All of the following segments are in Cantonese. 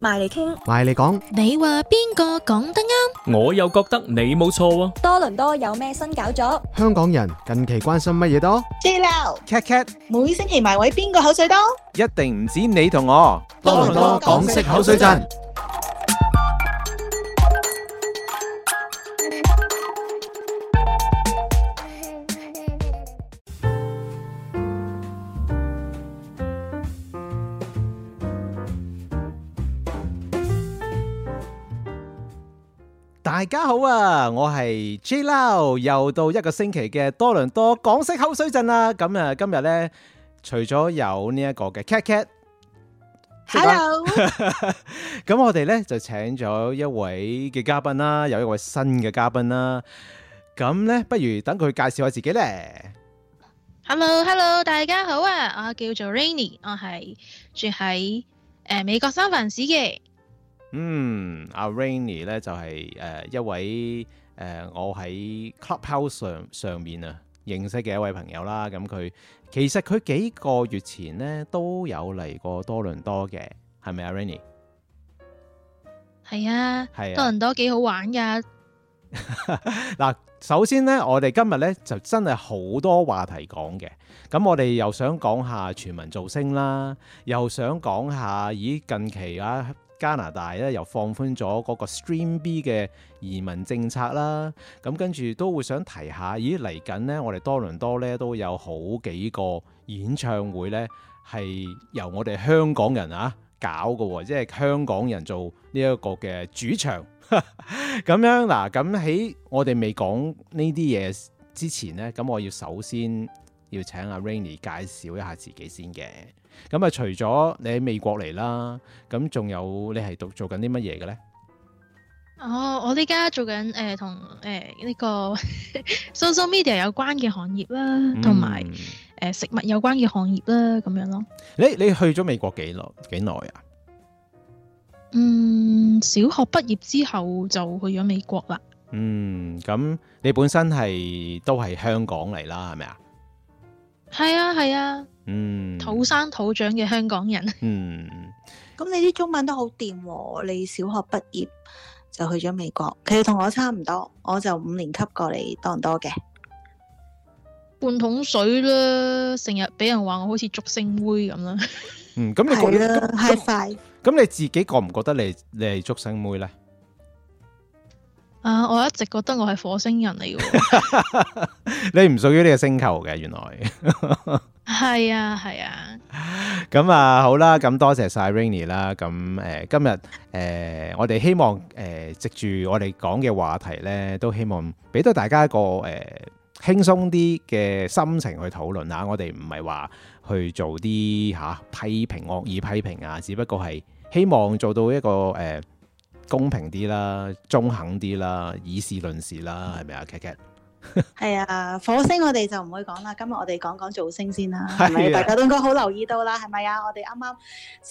埋嚟傾，埋嚟講，你話邊個講得啱？我又覺得你冇錯。多倫多有咩新搞作？香港人近期關心乜嘢多？JLau、Kat Kat，每星期埋位邊個口水多？一定唔止你同我。多倫多港式口水陣。大家好啊！我係 JLau 又到一個星期嘅多倫多港式口水陣啦。咁、嗯、啊，今日呢，除咗有呢一個嘅 Kat Kat，Hello，咁、 嗯、我哋呢，就請咗一位嘅嘉賓啦，有一位新嘅嘉賓啦。咁、嗯、呢，不如等佢介紹下自己呢。Hello，Hello，hello, 大家好啊！我叫做 Rainny，我係住喺誒、呃、美國三藩市嘅。嗯，阿、啊、Rainny 咧就係、是、誒、呃、一位誒、呃，我喺 Clubhouse 上上面啊認識嘅一位朋友啦。咁、嗯、佢其實佢幾個月前咧都有嚟過多倫多嘅，係咪阿 Rainny？係啊，係啊，多倫多幾好玩㗎。嗱， 首先咧，我哋今日咧就真係好多話題講嘅。咁我哋又想講下全民造星啦，又想講下，咦，近期啊。加拿大咧又放寬咗嗰個 Stream B 嘅移民政策啦，咁跟住都會想提下，咦嚟緊咧，我哋多倫多咧都有好幾個演唱會咧，係由我哋香港人啊搞嘅，即係香港人做呢一個嘅主場咁樣嗱。咁喺我哋未講呢啲嘢之前咧，咁我要首先。要請阿 Rainy 介紹一下自己先嘅，咁啊，除咗你喺美國嚟啦，咁仲有你係做、oh, 做緊啲乜嘢嘅咧？哦、呃，我呢家做緊誒同誒呢個 social media 有關嘅行業啦，同埋誒食物有關嘅行業啦，咁樣咯。你你去咗美國幾耐幾耐啊？嗯，um, 小學畢業之後就去咗美國啦。嗯，咁你本身係都係香港嚟啦，係咪啊？係啊係啊，土生土長嘅香港人。嗯，咁 你啲中文都好掂，哦，你小學畢業就去咗美國。其實同我差唔多，我就五年級過嚟當多嘅，半桶水啦，成日俾人話我好似竹升妹咁啦。 嗯，咁你覺得？太快、啊。咁你自己覺唔覺得你你係竹升妹咧？啊！Uh, 我一直覺得我係火星人嚟嘅。 你唔屬於呢個星球嘅，原來係啊係啊。咁啊， 啊好啦，咁多謝晒 Rainny 啦。咁誒、呃、今日誒、呃、我哋希望誒、呃、藉住我哋講嘅話題呢，都希望俾到大家一個誒、呃、輕鬆啲嘅心情去討論啊。我哋唔係話去做啲吓、啊、批評惡意批評啊，只不過係希望做到一個誒。呃公平啲啦，中肯啲啦，以事論事啦，係咪啊？Kat Kat，係啊，火星我哋就唔會講啦。今日我哋講講造星先啦，係咪？ 大家都應該好留意到啦，係咪啊？我哋啱啱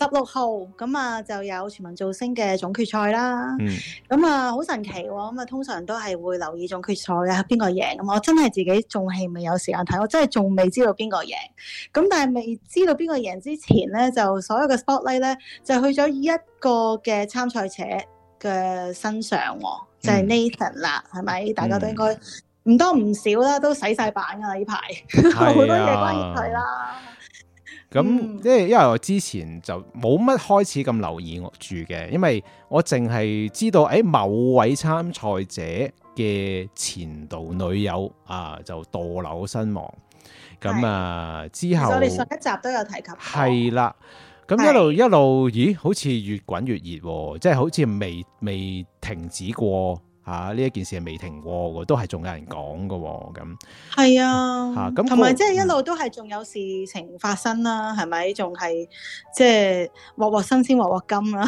十六號咁啊，就有全民造星嘅總決賽啦。咁、嗯、啊，好神奇喎！咁啊，通常都係會留意總決賽嘅，邊個贏咁。我真係自己仲係未有時間睇，我真係仲未知道邊個贏。咁但係未知道邊個贏之前咧，就所有嘅 spotlight 咧，就去咗一個嘅參賽者。嘅身上、哦、就係、是、Nathan 啦，係咪、嗯？大家都應該唔多唔少啦，都洗晒版㗎！呢排好多嘢關係啦。咁、嗯，即係因為我之前就冇乜開始咁留意住嘅，因為我淨係知道，誒、哎、某位參賽者嘅前度女友啊就墮樓身亡。咁的啊，之後我哋上一集都有提及。係啦。咁一路一路，咦？好似越滾越熱、哦，即係好似未未停止過吓，呢、啊、一件事未停過，都係仲有人講噶、哦。咁係啊，吓咁同埋即係一路都係仲有事情發生啦、啊，係咪？仲係即係鑊鑊新鮮鑊鑊金啦。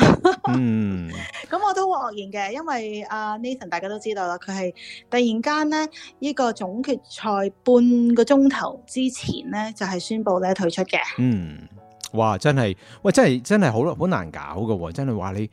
嗯，咁我都愕然嘅，因為阿、啊、Nathan 大家都知道啦，佢係突然間咧呢、這個總決賽半個鐘頭之前咧就係、是、宣布咧退出嘅。嗯。哇！真係，喂，真係真係好好難搞噶，真係話你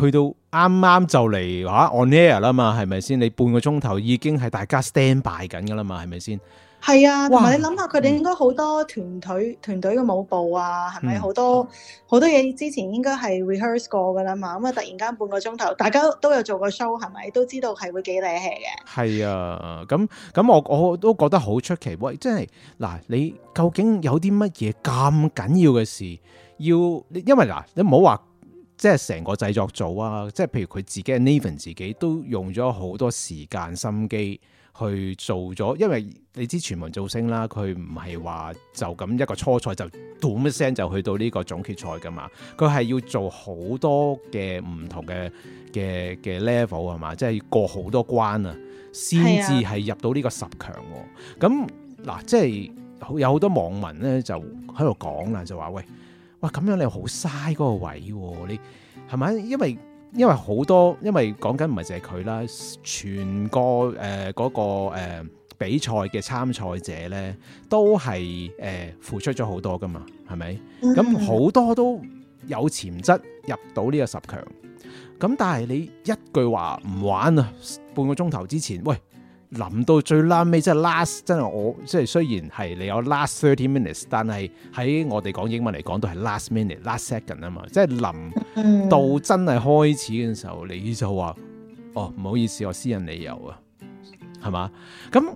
去到啱啱就嚟嚇、啊、on air 啦嘛，係咪先？你半個鐘頭已經係大家 stand by 緊噶啦嘛，係咪先？係啊，同埋哇你諗下，佢哋應該好多團隊、嗯、團隊嘅舞步啊，係咪好多好多嘢？之前應該係 rehearse 過噶啦嘛，咁啊、嗯、突然間半個鐘頭，大家都有做過 show，係咪都知道係會幾靚氣嘅？係啊，咁咁我我，我都覺得好出奇，喂，即係嗱，你究竟有啲乜嘢咁緊要嘅事要？因為嗱，你唔好話即係成個製作組啊，即係譬如佢自己，Nathan 自己都用咗好多時間心機。去做咗，因為你知全民造星啦，佢唔係話就咁一個初賽就噹噹聲就去到呢個總決賽㗎嘛，佢係要做好多嘅唔同嘅嘅嘅 level 係嘛，即係過好多關啊，先至係入到呢個十強。咁嗱，即係有好多網民咧就喺度講啦，就話喂，哇咁樣你好嘥嗰個位喎、啊，你係咪？因為因為好多，因為講緊唔係淨係佢啦，全個誒嗰、呃那個誒、呃、比賽嘅參賽者咧，都係誒、呃、付出咗好多噶嘛，係咪？咁好多都有潛質入到呢個十強，咁但係你一句話唔玩啊，半個鐘頭之前，喂。臨到最 last 尾，即係 last，真係我即係雖然係你有 last thirty minutes，但係喺我哋講英文嚟講，都係 last minute、last second 啊嘛！即係臨 到真係開始嘅時候，你就話：哦，唔好意思，我私人理由啊，係嘛？咁，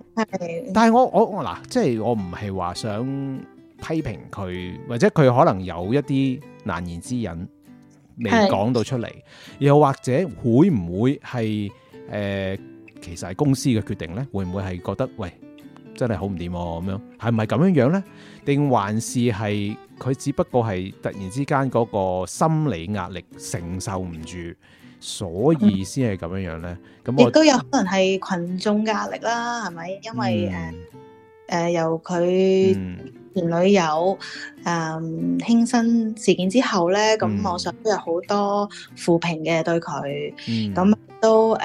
但係我我嗱，即係我唔係話想批評佢，或者佢可能有一啲難言之隱未講到出嚟，的又或者會唔會係誒？呃其實係公司嘅決定呢，會唔會係覺得喂，真係好唔掂咁樣？係唔係咁樣樣呢？定還是係佢只不過係突然之間嗰個心理壓力承受唔住，所以先係咁樣樣呢？咁亦都有可能係群眾壓力啦，係咪？因為誒誒由佢前女友誒輕生事件之後呢，咁網上都有好多負評嘅對佢，咁。都誒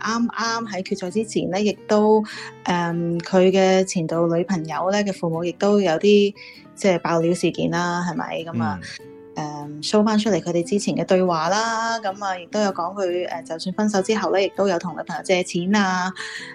啱啱喺決賽之前咧，亦都誒佢嘅前度女朋友咧嘅父母，亦都有啲即係爆料事件啦，係咪咁啊？誒、嗯嗯呃、show 翻出嚟佢哋之前嘅對話啦，咁啊亦都有講佢誒，就算分手之後咧，亦都有同女朋友借錢啊，誒、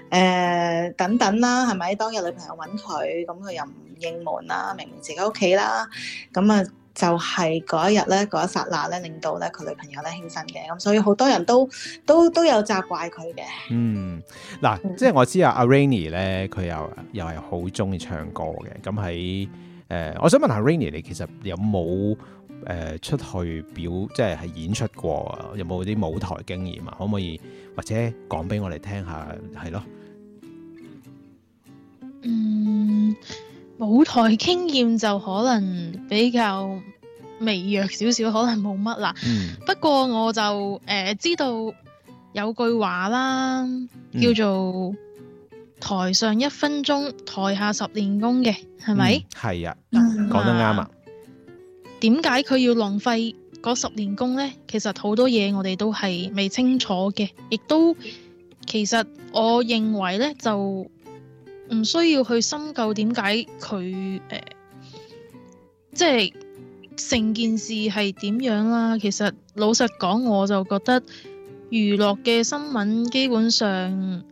呃、等等啦，係咪當日女朋友揾佢，咁、嗯、佢又唔應門啦，明明自己屋企啦，咁、嗯、啊～、嗯就係嗰一日咧，嗰一剎那咧，令到咧佢女朋友咧犧牲嘅，咁所以好多人都都都有責怪佢嘅。嗯，嗱、嗯，嗯、即係我知阿 Rainny 咧，佢又又係好中意唱歌嘅。咁喺誒，我想問阿 Rainny，你其實有冇誒、呃、出去表，即係係演出過，啊、有冇啲舞台經驗啊？可唔可以或者講俾我哋聽下？係咯。嗯。舞台經驗就可能比較微弱少少，可能冇乜啦。嗯、不過我就誒、呃、知道有句話啦，叫做台上一分鐘，台下十年功嘅，係咪？係、嗯、啊，講、嗯、得啱啊。點解佢要浪費嗰十年功呢？其實好多嘢我哋都係未清楚嘅，亦都其實我認為呢就。唔需要去深究點解佢誒，即係成件事係點樣啦。其實老實講，我就覺得娛樂嘅新聞基本上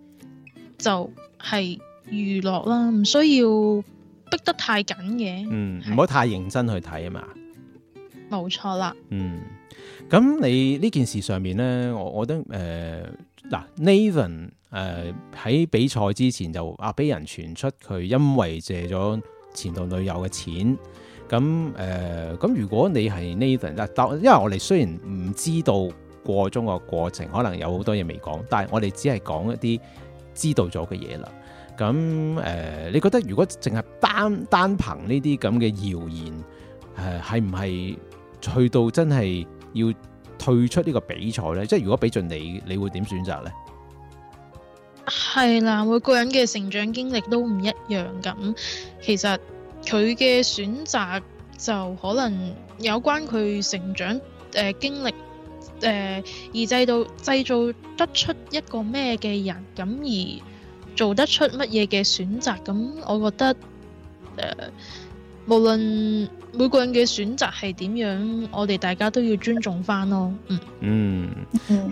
就係娛樂啦，唔需要逼得太緊嘅。嗯，係。唔好太認真去睇啊嘛。冇錯啦。嗯，咁你呢件事上面咧，我我覺得誒。嗱，Nathan 誒、呃、喺比賽之前就啊、啊、畀人傳出佢因為借咗前度女友嘅錢，咁誒咁如果你係 Nathan，嗱、啊，因為我哋雖然唔知道過中個過程，可能有好多嘢未講，但係我哋只係講一啲知道咗嘅嘢啦。咁誒、呃，你覺得如果淨係單單憑呢啲咁嘅謠言，誒係唔係去到真係要退出呢個比賽呢，即係如果畀盡你，你會點選擇呢？係啦，每個人嘅成長經歷都唔一樣咁、嗯，其實佢嘅選擇就可能有關佢成長誒、呃、經歷誒、呃、而製造製造得出一個咩嘅人，咁、嗯、而做得出乜嘢嘅選擇，咁、嗯、我覺得誒。呃無論每個人嘅選擇係點樣，我哋大家都要尊重翻咯。嗯，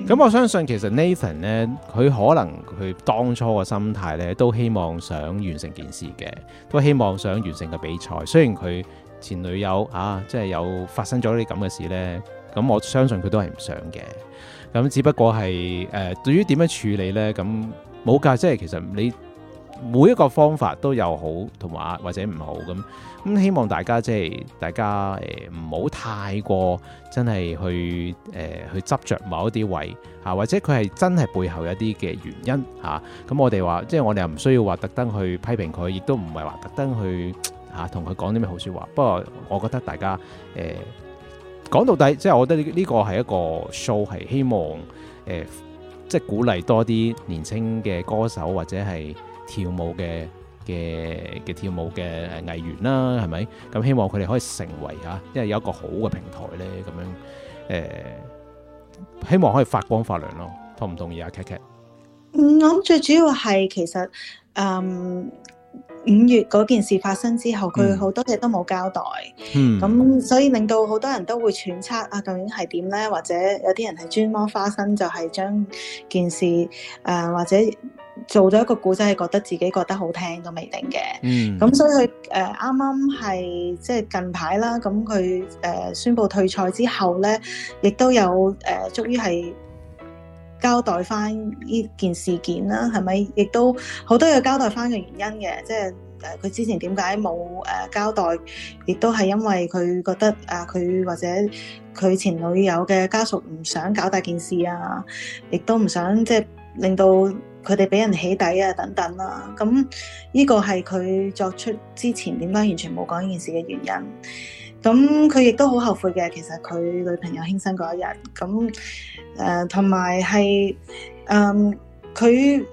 咁我相信其實 Nathan 呢，佢可能佢當初嘅心態呢，都希望想完成件事嘅，都希望想完成個比賽。雖然佢前女友啊，即係有發生咗啲咁嘅事呢，咁我相信佢都係唔想嘅。咁只不過係誒，對於點樣處理呢？咁冇計，即係其實你。每一個方法都有好同埋或者唔好，咁咁，希望大家即係、就是、大家誒唔好太過真係去誒、呃、去執着某一啲位嚇、啊，或者佢係真係背後有一啲嘅原因嚇。咁、啊、我哋話即係我哋又唔需要話特登去批評佢，亦都唔係話特登去嚇同佢講啲咩好説話。不過我覺得大家誒、呃、講到底，即係我覺得呢呢個係一個 show，係希望誒、呃、即係鼓勵多啲年輕嘅歌手或者係。跳舞嘅嘅嘅跳舞嘅藝員啦，係咪？咁希望佢哋可以成為嚇，因為有一個好嘅平台咧，咁樣誒、呃，希望可以發光發亮咯。同唔同意啊？Kat Kat，嗯，Kat Kat? 我諗最主要係其實誒五、嗯、月嗰件事發生之後，佢好多嘢都冇交代，嗯，咁所以令到好多人都會揣測啊，究竟係點咧？或者有啲人係專門花生，就係、是、將件事誒、呃、或者。做咗一個古仔，係覺得自己覺得好聽都未定嘅。咁、mm hmm. 所以佢誒啱啱係即係近排啦。咁佢誒宣布退賽之後咧，亦都有誒終於係交代翻呢件事件啦。係咪？亦都好多嘢交代翻嘅原因嘅。即係誒佢之前點解冇誒交代？亦都係因為佢覺得啊，佢、呃、或者佢前女友嘅家屬唔想搞大件事啊，亦都唔想即係令到。佢哋俾人起底啊，等等啦、啊，咁呢個係佢作出之前點解完全冇講呢件事嘅原因。咁佢亦都好後悔嘅，其實佢女朋友輕生嗰一日，咁誒同埋係嗯佢。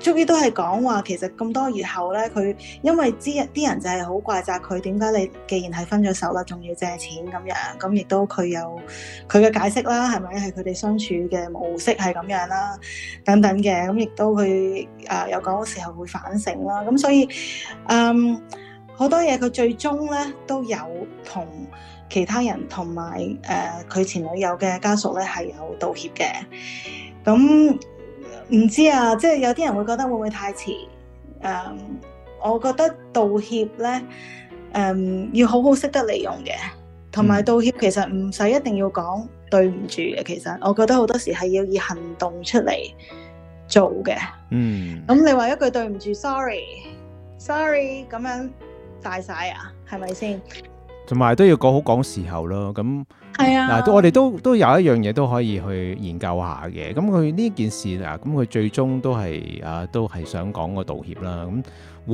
終於都係講話，其實咁多月後咧，佢因為啲人啲人就係好怪責佢，點解你既然係分咗手啦，仲要借錢咁樣？咁亦都佢有佢嘅解釋啦，係咪？係佢哋相處嘅模式係咁樣啦，等等嘅。咁亦都佢啊、呃，有時候會反省啦。咁所以，嗯，好多嘢佢最終咧都有同其他人同埋誒佢前女友嘅家屬咧係有道歉嘅。咁唔知啊，即係有啲人會覺得會唔會太遲？誒、um，我覺得道歉咧，誒、um，要好好識得利用嘅，同埋道歉其實唔使一定要講對唔住嘅。其實我覺得好多時係要以行動出嚟做嘅。嗯。咁你話一句對唔住，sorry，sorry，咁樣大晒啊？係咪先？同埋都要講好講時候咯。咁。係啊，嗱，我哋都都有一樣嘢都可以去研究下嘅。咁佢呢件事啊，咁佢最終都係啊，都係想講個道歉啦。咁、嗯、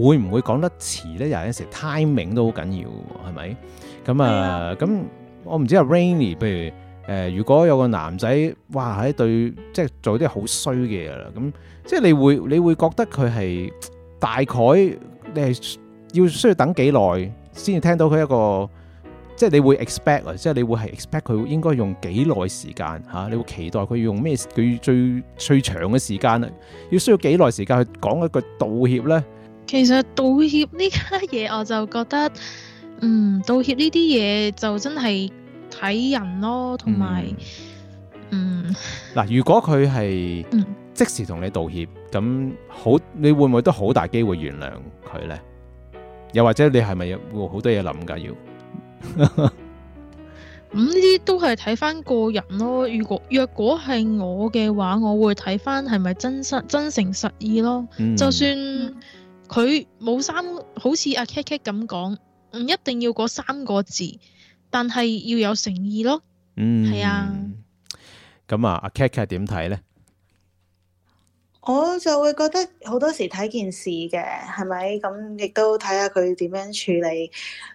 會唔會講得遲咧？有陣時 timing 都好緊要，係咪？咁、嗯、啊，咁、嗯嗯嗯、我唔知阿 Rainny 譬如誒、呃，如果有個男仔，哇喺對，即係做啲好衰嘅嘢啦，咁、嗯、即係你會你會覺得佢係大概你係要需要等幾耐先至聽到佢一個？即係你會 expect 啊，即係你會係 expect 佢應該用幾耐時間吓、啊？你會期待佢要用咩？佢最最長嘅時間啊，要需要幾耐時間去講一句道歉咧？其實道歉呢家嘢我就覺得，嗯，道歉呢啲嘢就真係睇人咯，同埋嗯嗱，嗯如果佢係即時同你道歉，咁好、嗯、你會唔會都好大機會原諒佢咧？又或者你係咪有好多嘢諗噶？要？咁呢啲都係睇翻個人咯。如果若果係我嘅話，我會睇翻係咪真實真誠實意咯。嗯、就算佢冇、嗯、三，好似阿 K K 咁講，唔一定要嗰三個字，但係要有誠意咯。嗯，係呀、嗯、啊。咁啊，阿 K K 係點睇咧？我就會覺得好多時睇件事嘅，係咪？咁亦都睇下佢點樣處理。誒、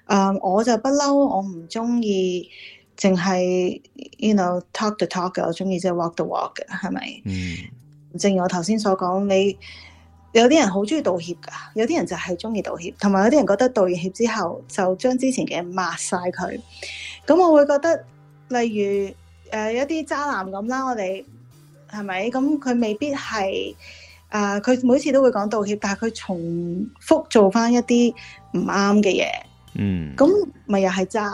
嗯，我就我不嬲 you know，我唔中意淨係，you know，talk to talk 嘅，我中意即係 walk to walk 嘅，係咪？嗯。正如我頭先所講，你有啲人好中意道歉㗎，有啲人就係中意道歉，同埋有啲人覺得道歉之後就將之前嘅抹晒佢。咁我會覺得，例如誒、呃、一啲渣男咁啦，我哋。係咪咁？佢未必係啊！佢、呃、每次都會講道歉，但係佢重複做翻一啲唔啱嘅嘢，嗯，咁咪又係渣，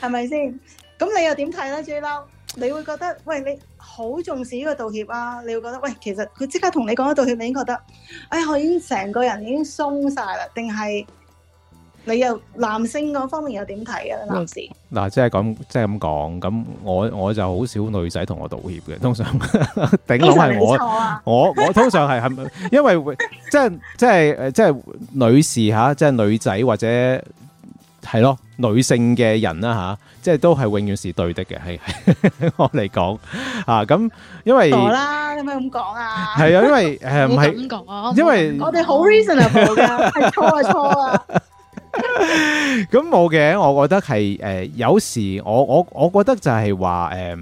係咪先？咁 你又點睇咧？J 嬲，你會覺得喂你好重視呢個道歉啊？你會覺得喂其實佢即刻同你講一道歉，你已經覺得哎我已經成個人已經鬆晒啦，定係？你又男性嗰方面又點睇啊？男士嗱，啊，即係咁，即係咁講咁，我我就好少女仔同我道歉嘅，通常頂老係我，我我通常係，係咪？因為即係即係誒，即係女士吓，即係女仔或者係咯女性嘅人啦吓，即係都係永遠是對的嘅，係我嚟講啊。咁因為傻啦，可唔可以咁講啊？係啊，因為誒唔係咁講，因為我哋好 reasonable 噶。係錯係錯啊。咁冇嘅，我覺得係誒、呃，有時我我我覺得就係話誒，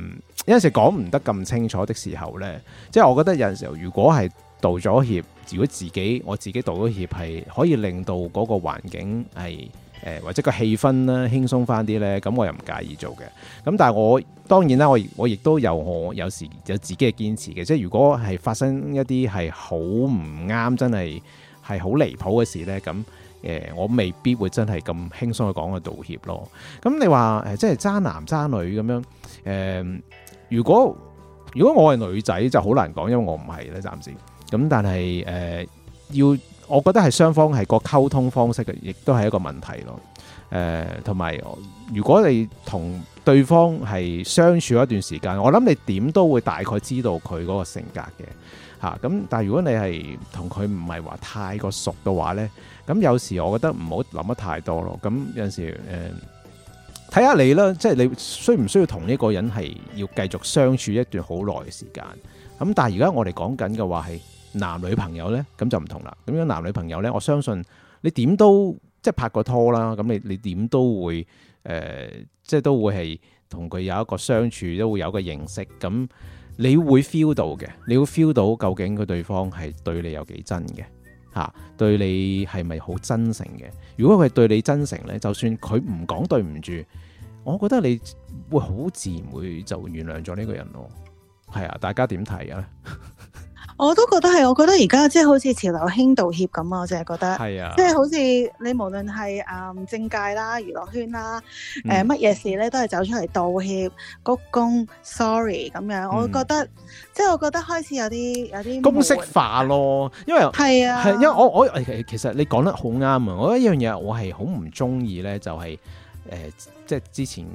有陣時講唔得咁清楚的時候呢，即係我覺得有陣時候如果係道咗歉，如果自己我自己道咗歉係可以令到嗰個環境係誒、呃、或者個氣氛呢輕鬆翻啲呢，咁我又唔介意做嘅。咁但係我當然啦，我我亦都有我有時有自己嘅堅持嘅，即係如果係發生一啲係好唔啱，真係係好離譜嘅事呢。咁。誒，我未必會真係咁輕鬆去講個道歉咯。咁你話誒，即係渣男渣女咁樣誒、呃，如果如果我係女仔，就好難講，因為我唔係咧，暫時。咁但係誒、呃，要我覺得係雙方係個溝通方式嘅，亦都係一個問題咯。誒、呃，同埋如果你同對方係相處一段時間，我諗你點都會大概知道佢嗰個性格嘅。嚇咁，但係如果你係同佢唔係話太過熟嘅話呢，咁有時我覺得唔好諗得太多咯。咁有陣時誒，睇、呃、下你啦，即係你需唔需要同呢一個人係要繼續相處一段好耐嘅時間？咁但係而家我哋講緊嘅話係男女朋友呢，咁就唔同啦。咁樣男女朋友呢，我相信你點都即係拍過拖啦。咁你你點都會誒、呃，即係都會係同佢有一個相處，都會有個認識咁。你會 feel 到嘅，你會 feel 到究竟個對方係對你有幾真嘅，嚇對你係咪好真誠嘅？如果佢係對你真誠呢，就算佢唔講對唔住，我覺得你會好自然會就原諒咗呢個人咯。係啊，大家點睇啊？ 我都覺得係，我覺得而家即係好似潮流興道歉咁啊！我淨係覺得，啊、即係好似你無論係誒政界啦、娛樂圈啦，誒乜嘢事咧都係走出嚟道歉鞠躬 sorry 咁樣。我覺得、嗯、即係我覺得開始有啲有啲公式化咯，因為係啊，係因為我我其實你講得好啱啊！我覺得一樣嘢我係好唔中意咧，就係、是。誒、呃，即係之前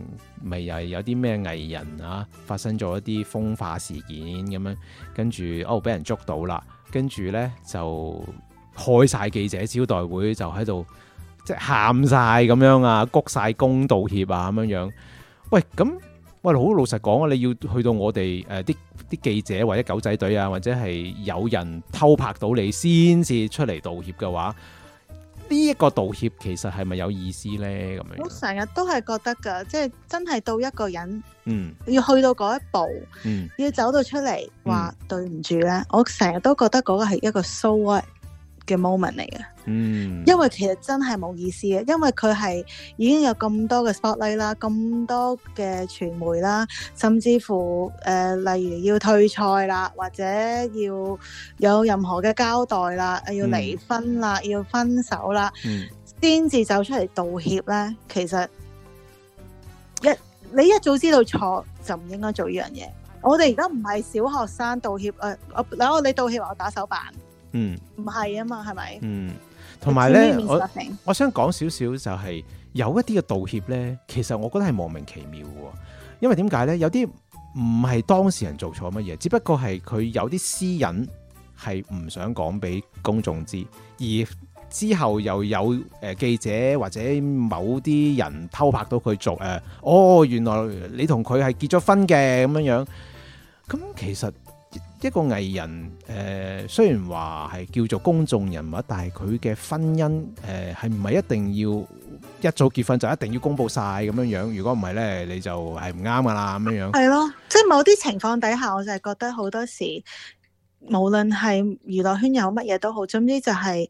咪又係有啲咩藝人啊，發生咗一啲風化事件咁樣，跟住哦，俾人捉到啦，跟住咧就開晒記者招待會，就喺度即係喊晒咁樣啊，鞠晒躬道歉啊咁樣樣。喂，咁喂，好老實講啊，你要去到我哋誒啲啲記者或者狗仔隊啊，或者係有人偷拍到你先至出嚟道歉嘅話。呢一個道歉其實係咪有意思咧？咁樣我成日都係覺得噶，即係真係到一個人，嗯，要去到一步，嗯，要走到出嚟話、嗯、對唔住咧，我成日都覺得個係一個 so what 嘅 moment 嚟嘅。嗯，因為其實真係冇意思嘅，因為佢係已經有咁多嘅 spotlight 啦，咁多嘅傳媒啦，甚至乎誒、呃，例如要退賽啦，或者要有任何嘅交代啦，要離婚啦，嗯、要分手啦，先至、嗯、走出嚟道歉咧。其實一你一早知道錯就唔應該做呢樣嘢。我哋而家唔係小學生道歉，誒，我嗱，你道歉話我打手板、嗯，嗯，唔係啊嘛，係咪？嗯。同埋咧，我想講少少就係有一啲嘅道歉咧，其實我覺得係莫名其妙嘅，因為點解咧？有啲唔係當事人做錯乜嘢，只不過係佢有啲私隱係唔想講俾公眾知，而之後又有誒記者或者某啲人偷拍到佢做誒，哦，原來你同佢係結咗婚嘅咁樣樣，咁其實。一個藝人誒、呃，雖然話係叫做公眾人物，但係佢嘅婚姻誒係唔係一定要一早結婚就一定要公布晒咁樣樣？如果唔係咧，你就係唔啱噶啦咁樣樣。係咯，即係某啲情況底下，我就係覺得好多時，無論係娛樂圈有乜嘢都好，總之就係、是、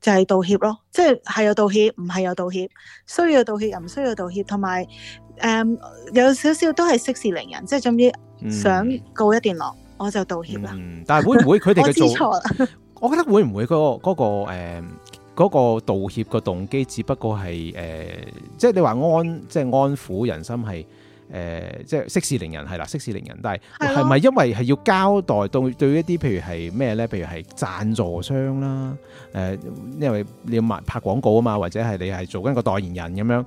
就係、是、道歉咯。即係係有道歉，唔係有道歉，需要道歉又唔需要道歉，同埋誒有少少都係息事寧人，即係總之想告一段落。嗯我就道歉啦。但係會唔會佢哋嘅做錯？我覺得會唔會嗰個嗰個誒嗰個道歉嘅動機，只不過係誒，即係你話安，即係安撫人心係誒，即係息事寧人係啦，息事寧人。但係係咪因為係要交代對於一啲譬如係咩咧？譬如係贊助商啦，誒，因為你要拍拍廣告啊嘛，或者係你係做緊個代言人咁樣。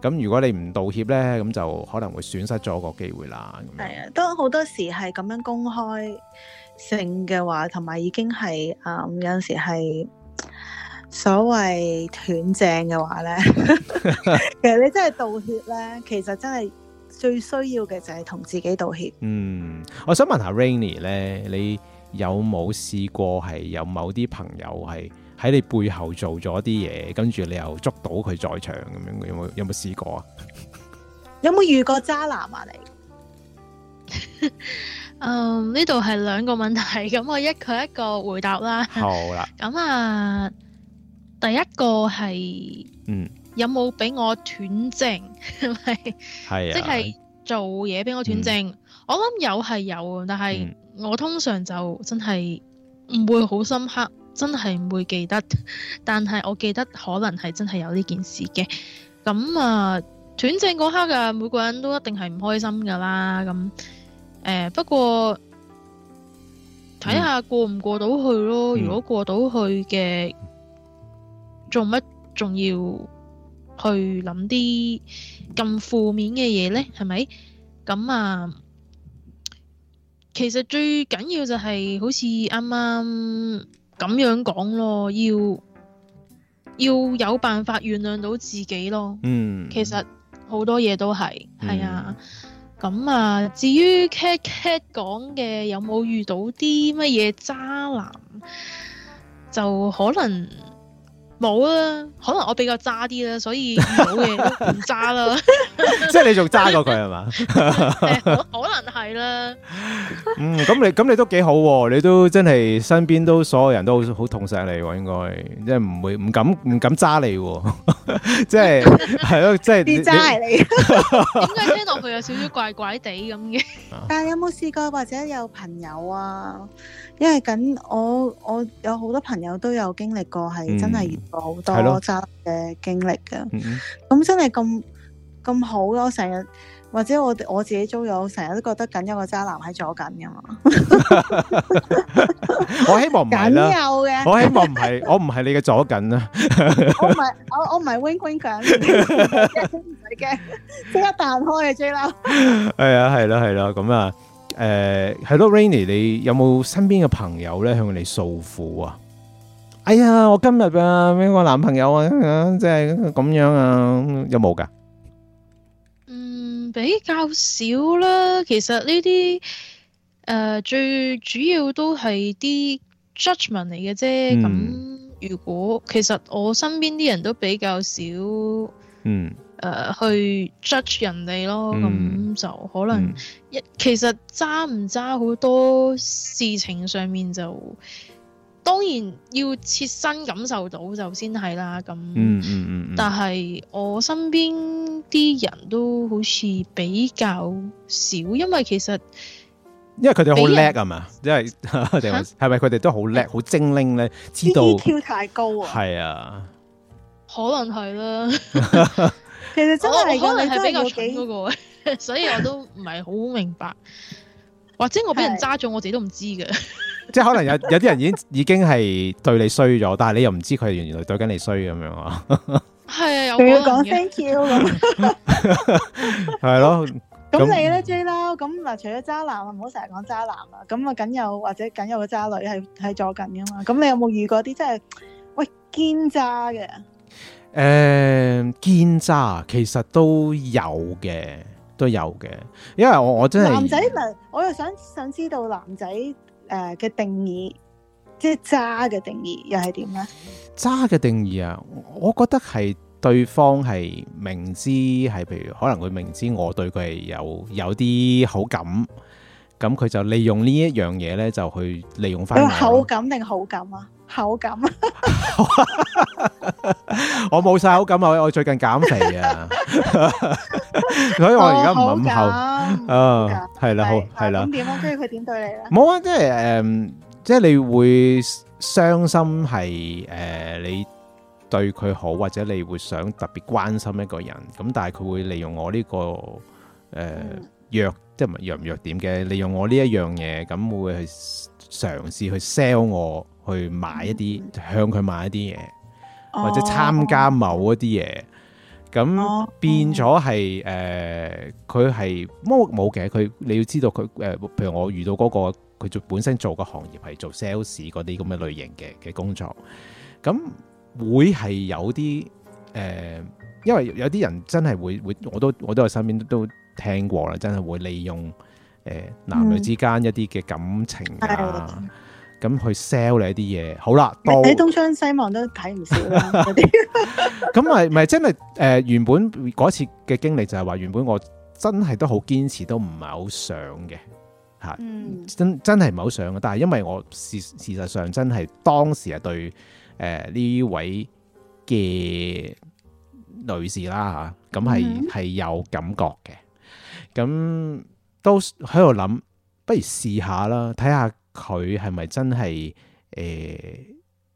咁如果你唔道歉咧，咁就可能會損失咗個機會啦。係啊，都好多時係咁樣公開性嘅話，同埋已經係啊、嗯、有陣時係所謂斷正嘅話咧， 其實你真係道歉咧，其實真係最需要嘅就係同自己道歉。嗯，我想問下 Rainny 咧，你有冇試過係有某啲朋友係，喺你背後做咗啲嘢，跟住你又捉到佢在場咁樣，有冇有冇試過啊？ 有冇遇過渣男啊？你， 嗯，呢度係兩個問題，咁我一佢一個回答啦。好啦，咁 啊，第一個係，嗯， 嗯，有冇俾我斷正？係，即係做嘢俾我斷正。我諗有係有，但係我通常就真係唔會好深刻。真係唔會記得，但係我記得可能係真係有呢件事嘅。咁啊，斷正嗰刻啊，每個人都一定係唔開心噶啦。咁誒、呃，不過睇下過唔過到去咯。嗯、如果過到去嘅，做乜仲要去諗啲咁負面嘅嘢呢？係咪？咁啊，其實最緊要就係好似啱啱。咁樣講咯，要要有辦法原諒到自己咯。嗯，其實好多嘢都係，係啊。咁、嗯、啊，至於 Kat Kat 講嘅有冇遇到啲乜嘢渣男，就可能。冇啦，可能我比較渣啲啦，所以冇嘢，唔渣啦。即係你仲渣過佢係嘛？可能係啦。嗯，咁你咁你都幾好，你都真係身邊都所有人都好好痛錫你喎，應該即係唔會唔敢唔敢渣你，即係係咯，即係。啲渣係你，點解聽落佢有少少怪怪地咁嘅？但係有冇試過或者有朋友啊？因為緊我我有好多朋友都有經歷過，係真係遇到好多渣男嘅經歷噶，咁真係咁咁好咯！我成日或者我我自己租咗，我成日都覺得緊有個渣男喺左近噶嘛。我希望唔係啦，我希望唔係，我唔係你嘅左近啦。我唔係，我我唔係 wing wing 咁，唔使驚，即刻彈開啊！JLau，係啊係啦係啦，咁啊。誒，係咯，Rainny，你有冇身邊嘅朋友咧向你訴苦啊？哎呀，我今日啊，邊個男朋友啊，即係咁樣啊，有冇噶？嗯，比較少啦。其實呢啲誒，最主要都係啲 judgment 嚟嘅啫。咁如果其實我身邊啲人都比較少。嗯。誒、呃、去 judge 人哋咯，咁、嗯嗯嗯、就可能一其實揸唔揸好多事情上面就當然要切身感受到就先係啦，咁，但係我身邊啲人都好似比較少，因為其實因為佢哋好叻啊嘛，因為係咪佢哋都好叻好精靈咧？知道跳、呃、太高啊，係啊，可能係啦。 其實真係，如果你係比較蠢嗰、嗰個，幾所以我都唔係好明白， 或者我俾人揸咗，我自己都唔知嘅。 即係可能有有啲人已經已經係對你衰咗，但係你又唔知佢係原來對緊你衰咁樣啊？係啊，又要講，thank you，係咯。咁 你咧，JLau。咁嗱，除咗渣男啊，唔好成日講渣男啊。咁啊，僅有或者僅有嘅渣女係係左近噶嘛？咁你有冇遇過啲真係喂堅渣嘅？真的真的誒，堅、嗯、渣其實都有嘅，都有嘅，因為我我真係男仔，我又想想知道男仔誒嘅定義，即係渣嘅定義又係點咧？渣嘅定義啊，我覺得係對方係明知係，譬如可能佢明知我對佢係有有啲好感，咁佢就利用呢一樣嘢，咧，就去利用翻、那個、口感定好感啊？口感。 我冇晒好感啊！我最近減肥啊，所以我而家唔后啊，係啦，好係啦。點樣跟住佢，點對你咧？冇啊，即係誒，即係你會傷心係誒，你對佢好或者你會想特別關心一個人，咁但係佢會利用我呢個誒弱，即係唔弱唔弱點嘅，利用我呢一樣嘢，咁會去嘗試去 sell 我去買一啲向佢買一啲嘢。或者參加某一啲嘢，咁、哦、變咗係誒，佢係冇冇嘅。佢、嗯、你要知道佢誒、呃，譬如我遇到嗰、那個佢做本身做嘅行業係做 sales 嗰啲咁嘅類型嘅嘅工作，咁會係有啲誒、呃，因為有啲人真係會會，我都我都喺身邊都聽過啦，真係會利用誒、呃、男女之間一啲嘅感情啊。嗯哎咁去 sell 你一啲嘢，好啦，你東張西望都睇唔少啦。咁咪咪真係誒、呃、原本嗰次嘅經歷就係話原本我真係都好堅持，都唔係好想嘅嚇、啊嗯，真真係唔係好想嘅。但係因為我事事實上真係當時係對誒、呃、呢位嘅女士啦嚇，咁係係有感覺嘅，咁都喺度諗，不如試下啦，睇下。佢係咪真係誒、欸、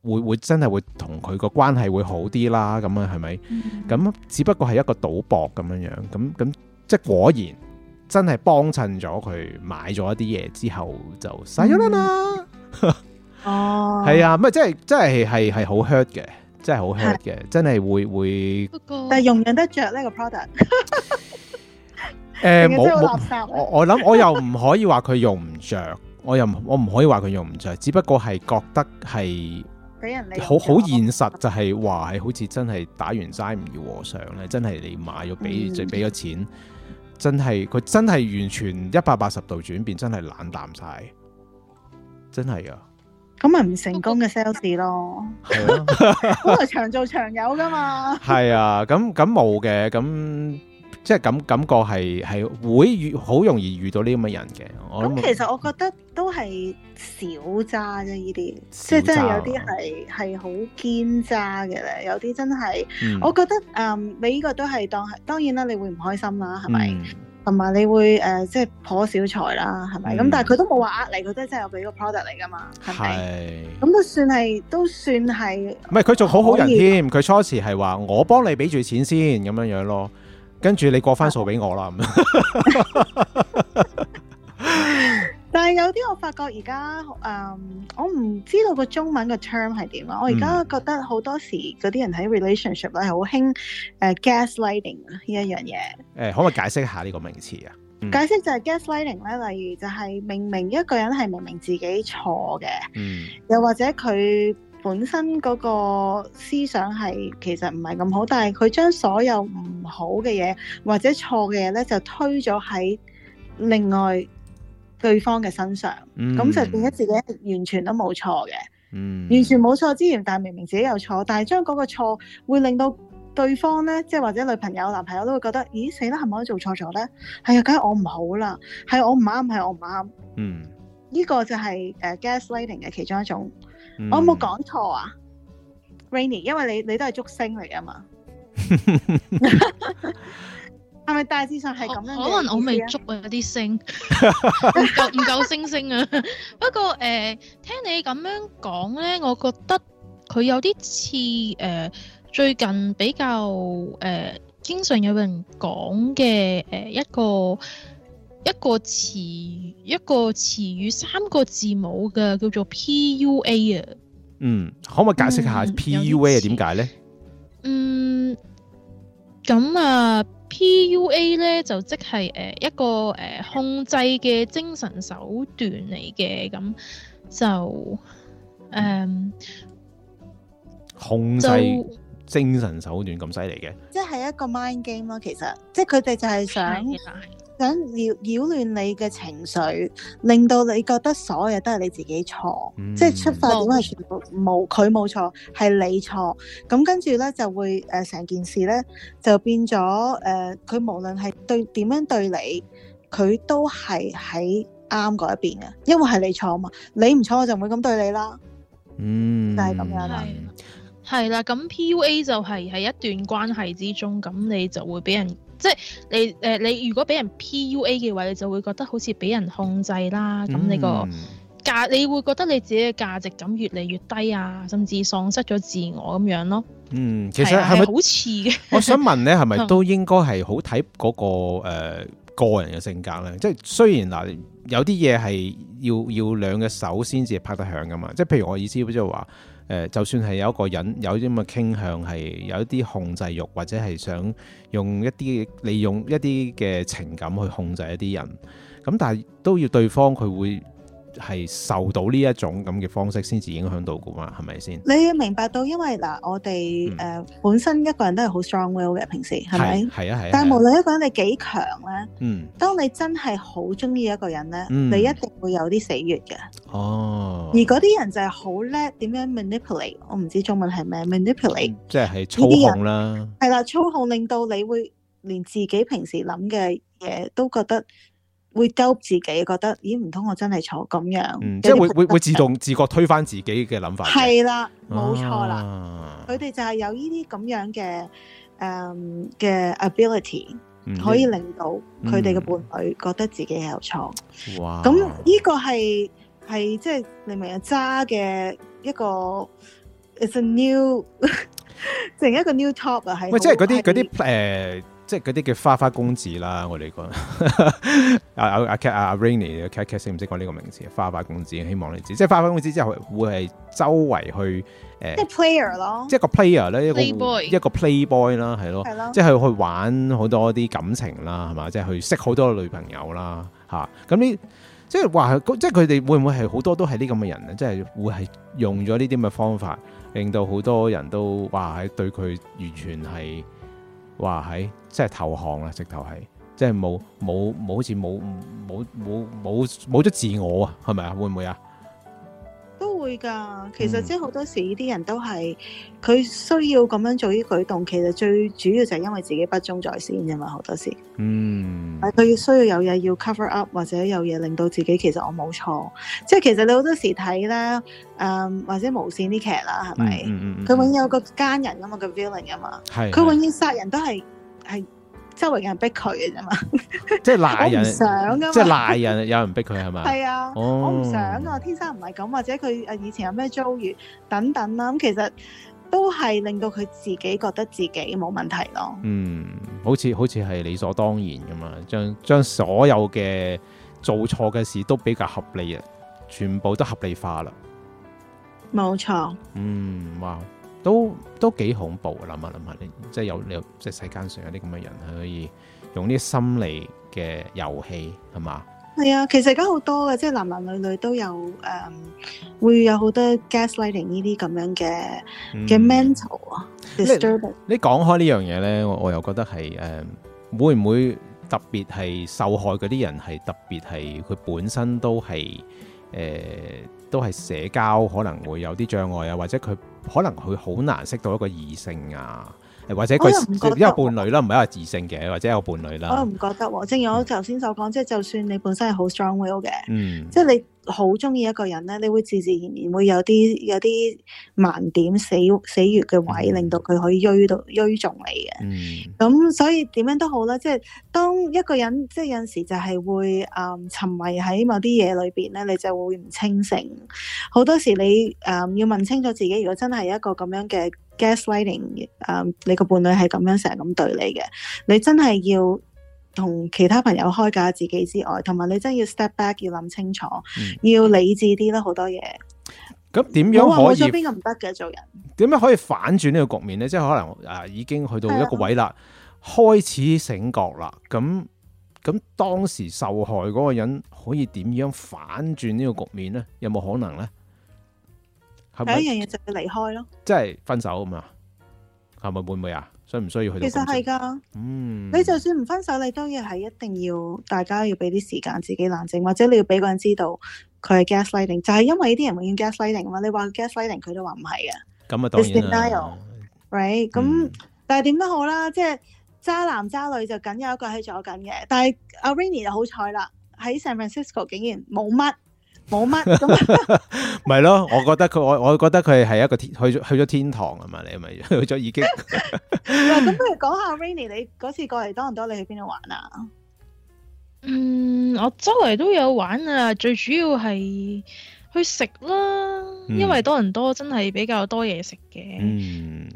會會真係會同佢個關係會好啲啦？咁啊係咪？咁、嗯嗯、只不過係一個賭博咁樣樣咁咁，即係果然真係幫襯咗佢買咗一啲嘢之後就死咗啦，啦！哦，係、哦、啊，唔係真係真係係係好 hurt 嘅，真係好 hurt 嘅，真係會會，但係用唔用得着呢個 product。誒， 冇、哎、冇、呃，我我諗我，我，我又唔可以話佢用唔着。我又我唔可以話佢用唔着，只不過係覺得係俾人好好現實，就係話係好似真係打完齋唔要和尚咧，真係你買咗俾就俾咗錢，真係佢真係完全一百八十度轉變，真係冷淡晒，真係啊，咁咪唔成功嘅 sales 咯，本來長做長有噶嘛，係啊，咁咁冇嘅，咁。即係感感覺係係會遇好容易遇到呢咁嘅人嘅。咁其實我覺得都係小渣啫，呢啲小渣 即係真係有啲係係好堅渣嘅咧，有啲真係。嗯、我覺得誒、呃，你呢個都係當當然啦，你會唔開心啦，係咪、嗯？同埋你會誒、呃，即係破小財啦，係咪？咁、嗯、但係佢都冇話呃你，佢都真係有俾個 product 嚟噶嘛，係咪？咁是 都算係，都算係。唔係佢仲好好人添，佢初時係話我幫你俾住錢先，咁樣樣咯。跟住你過翻數俾我啦，但係有啲我發覺而家，嗯，我唔知道個中文個 term 係點啊。我而家覺得好多時嗰啲人喺 relationship 咧，係、呃、好興誒 gaslighting 呢一樣嘢。誒、哎，可唔可以解釋下呢個名詞啊？ 解釋就係 gaslighting 咧，例如就係明明一個人係明明自己錯嘅，嗯，又或者佢。本身嗰個思想係其實唔係咁好，但係佢將所有唔好嘅嘢或者錯嘅嘢咧，就推咗喺另外對方嘅身上，咁、嗯、就變咗自己完全都冇錯嘅，嗯、完全冇錯之前但係明明自己有錯，但係將嗰個錯會令到對方咧，即係或者女朋友、男朋友都會覺得，咦死啦，係咪我做錯咗咧？係、哎、啊，梗係我唔好啦，係我唔啱，係我唔啱，嗯。呢個就係、是、誒、uh, gas lighting 嘅其中一種，嗯、我有冇講錯啊？Rainny，因為你你都係捉星嚟噶嘛，係咪 大致上係咁樣？可能我未捉啊啲星，唔夠唔夠星星啊。 不過誒、呃，聽你咁樣講咧，我覺得佢有啲似誒最近比較誒、呃、經常有人講嘅誒一個。一個詞一個詞語三個字母嘅叫做 PUA 啊，嗯，可唔可以解釋下 PUA 點解咧？嗯，咁、嗯、啊，PUA 咧就即係誒一個誒控制嘅精神手段嚟嘅，咁就誒、嗯、控制精神手段咁犀利嘅，即係、嗯、一個 mind game 咯、啊。其實即係佢哋就係想。嗯嗯嗯想擾擾亂你嘅情緒，令到你覺得所有嘢都係你自己錯，嗯、即係出發點係全部冇佢冇錯，係你錯。咁、嗯、跟住咧就會誒成、呃、件事咧就變咗誒佢無論係對點樣對你，佢都係喺啱嗰一邊嘅，因為係你錯啊嘛，你唔錯我就唔會咁對你啦。嗯，就係咁樣啦。係啦，咁 PUA 就係喺一段關係之中，咁你就會俾人。即係你誒，你如果俾人 PUA 嘅話，你就會覺得好似俾人控制啦。咁、嗯、你個價，你會覺得你自己嘅價值感越嚟越低啊，甚至喪失咗自我咁樣咯。嗯，其實係咪好似嘅？我想問咧，係咪 都應該係好睇嗰、嗰個誒、呃、個人嘅性格咧？即係雖然嗱，有啲嘢係要要兩隻手先至拍得響㗎嘛。即係譬如我意思，即係話。誒、呃，就算係有一個人有啲咁嘅傾向，係有一啲控制欲，或者係想用一啲利用一啲嘅情感去控制一啲人，咁但係都要對方佢會。係受到呢一種咁嘅方式先至影響到㗎嘛，係咪先？你要明白到，因為嗱，我哋誒本身一個人都係好 strong will 嘅，平時係咪？係啊係啊。吧但無論一個人你幾強咧，嗯，當你真係好中意一個人咧，嗯，你一定會有啲死穴嘅。哦。而嗰啲人就係好叻點樣 manipulate，我唔知中文係咩，manipulate，即係操控啦。係啦，操控令到你會連自己平時諗嘅嘢都覺得。會嬲自己，覺得，咦唔通我真係錯，咁樣，嗯、即係會會會自動自覺推翻自己嘅諗法。係啦，冇錯啦，佢哋、啊、就係有呢啲咁樣嘅誒嘅 ability、嗯、喲可以令到佢哋嘅伴侶覺得自己係有錯。嗯、哇！咁呢個係係即係你明唔明揸嘅一個，it's a new， 成一個 new top 啊、嗯，係很。即係嗰啲嗰啲誒。些即係嗰啲叫花花公子啦，我哋講阿阿阿阿 Rainny，e 阿 Kat Kat 識唔識講呢個名詞？花花公子，希望你知。即係花花公子之後會係周圍去誒，即係 player 咯，呃、即係個 player 咧，一個,、er, 了一,個一個 play boy 啦、嗯，係、嗯、咯，即係去玩好多啲感情啦，係嘛，即係去識好多女朋友啦，吓、嗯。咁呢，即係話，即係佢哋會唔會係好多都係呢咁嘅人咧？即係會係用咗呢啲咁嘅方法，令到好多人都話喺對佢完全係。哇，係即係投降啊，直頭係即係冇冇冇好似冇冇冇冇冇咗自我啊，係咪啊？會唔會啊？會噶，其實即係好多時呢啲人都係佢需要咁樣做啲舉動，其實最主要就係因為自己不忠在先，因為好多時，嗯，佢需要有嘢，要 cover up，或者有嘢令到自己其實我冇錯，即係其實你好多時睇咧，誒、嗯，或者無綫啲劇啦，係咪？佢、嗯嗯嗯、永遠有個奸人噶嘛、嗯，個 feeling 噶嘛，佢永遠殺人都係係。的周圍嘅人逼佢嘅啫嘛，即係賴人，想即係賴人，有人逼佢係咪？係 想 啊，哦、我唔想啊，天生唔係咁，或者佢誒以前有咩遭遇等等啦、啊，咁其實都係令到佢自己覺得自己冇問題咯。嗯，好似好似係理所當然咁啊，將將所有嘅做錯嘅事都比較合理啊，全部都合理化啦。冇錯。嗯，哇！都都幾恐怖啊，諗下諗下，你即係有有即係世間上有啲咁嘅人，可以用啲心理嘅遊戲係嘛？係啊，其實而家好多嘅，即係男男女女都有誒，會有好多 gaslighting 呢啲咁樣嘅嘅 mental 啊。你你講開呢樣嘢咧，我我又覺得係誒，會唔會特別係受害嗰啲人係特別係佢本身都係誒，都係社交可能會有啲障礙啊，或者佢。可能佢好難識到一個異性啊，或者佢一個伴侶啦，唔係一個異性嘅，或者一個伴侶啦。我又唔覺得喎，正如我頭先所講，嗯、即係就算你本身係好 strong will 嘅，嗯，即係你。好中意一個人咧，你會自自然然會有啲有啲盲點、死死穴嘅位，令到佢可以鋭到鋭中你嘅。咁、嗯、所以點樣都好啦，即係當一個人即係有陣時就係會嗯、呃、沉迷喺某啲嘢裏邊咧，你就會唔清醒。好多時你誒、呃、要問清楚自己，如果真係一個咁樣嘅 gaslighting、呃、你個伴侶係咁樣成日咁對你嘅，你真係要。同其他朋友開解自己之外，同埋你真係要 step back，要諗清楚，嗯、要理智啲啦，好多嘢。咁點樣可以邊個唔得嘅做人？點樣可以反轉呢個局面呢？即係可能誒、啊、已經去到一個位啦，的開始醒覺啦。咁咁當時受害嗰個人可以點樣反轉呢個局面呢？有冇可能呢？有一樣嘢就要離開咯，即係分手啊嘛？係咪會唔會啊？真唔需要去。其實係噶，嗯，你就算唔分手，你都要係一定要大家要俾啲時間自己冷靜，或者你要俾個人知道佢係 gaslighting，就係因為呢啲人永遠 gaslighting 嘛。你話 gaslighting 佢都話唔係嘅。咁啊，當然啦，right。咁但係點都好啦，即係渣男渣女就梗有一個喺左近嘅。但係阿 Rainny 就好彩啦，喺 San Francisco 竟然冇乜。冇乜，咪咯？ 我覺得佢，我我覺得佢係一個天去咗去咗天堂啊嘛，你係咪去咗已經。咁 不如講下 Rainny，你嗰次過嚟多倫多，你去邊度玩啊？嗯，我周圍都有玩啊，最主要係去食啦，嗯、因為多倫多真係比較多嘢食嘅。嗯，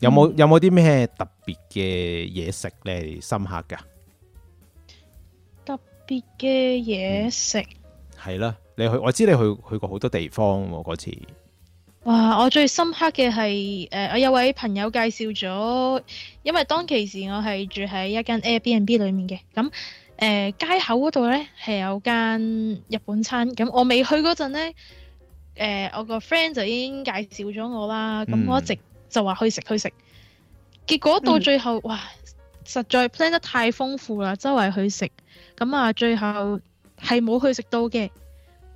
有冇有冇啲咩特別嘅嘢食咧？深刻噶？特別嘅嘢食係啦。嗯你去我知你去去過好多地方喎、啊。嗰次哇，我最深刻嘅係，誒、呃，我有位朋友介紹咗，因為當其時我係住喺一間 Airbnb 裏面嘅，咁、嗯、誒街口嗰度呢，係有間日本餐。咁我未去嗰陣呢，誒我個 friend 就已經介紹咗我啦。咁我一直就話去食去食，結果、嗯、到最後哇，實在 plan 得太豐富啦，周圍去食咁啊，最後係冇去食到嘅。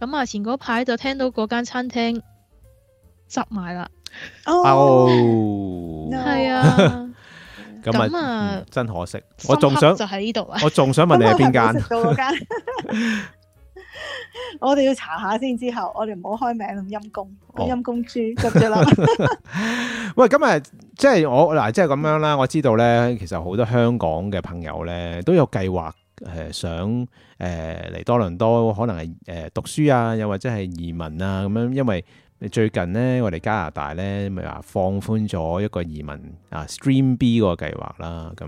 咁啊，前嗰排就聽到嗰間餐廳執埋啦。哦，係啊。咁 啊， 啊，真可惜。我仲想就喺呢度。 我仲想問你係邊間？ 我哋要查下先，之後我哋唔好開名咁陰公，我陰公豬咁啫啦。喂，咁啊，即係我嗱，即係咁樣啦。我知道咧，其實好多香港嘅朋友咧都有計劃。誒，想誒嚟、呃、多倫多，可能係誒、呃、讀書啊，又或者係移民啊咁樣，因為最近咧我哋加拿大咧咪話放寬咗一個移民啊 Stream B 個計劃啦，咁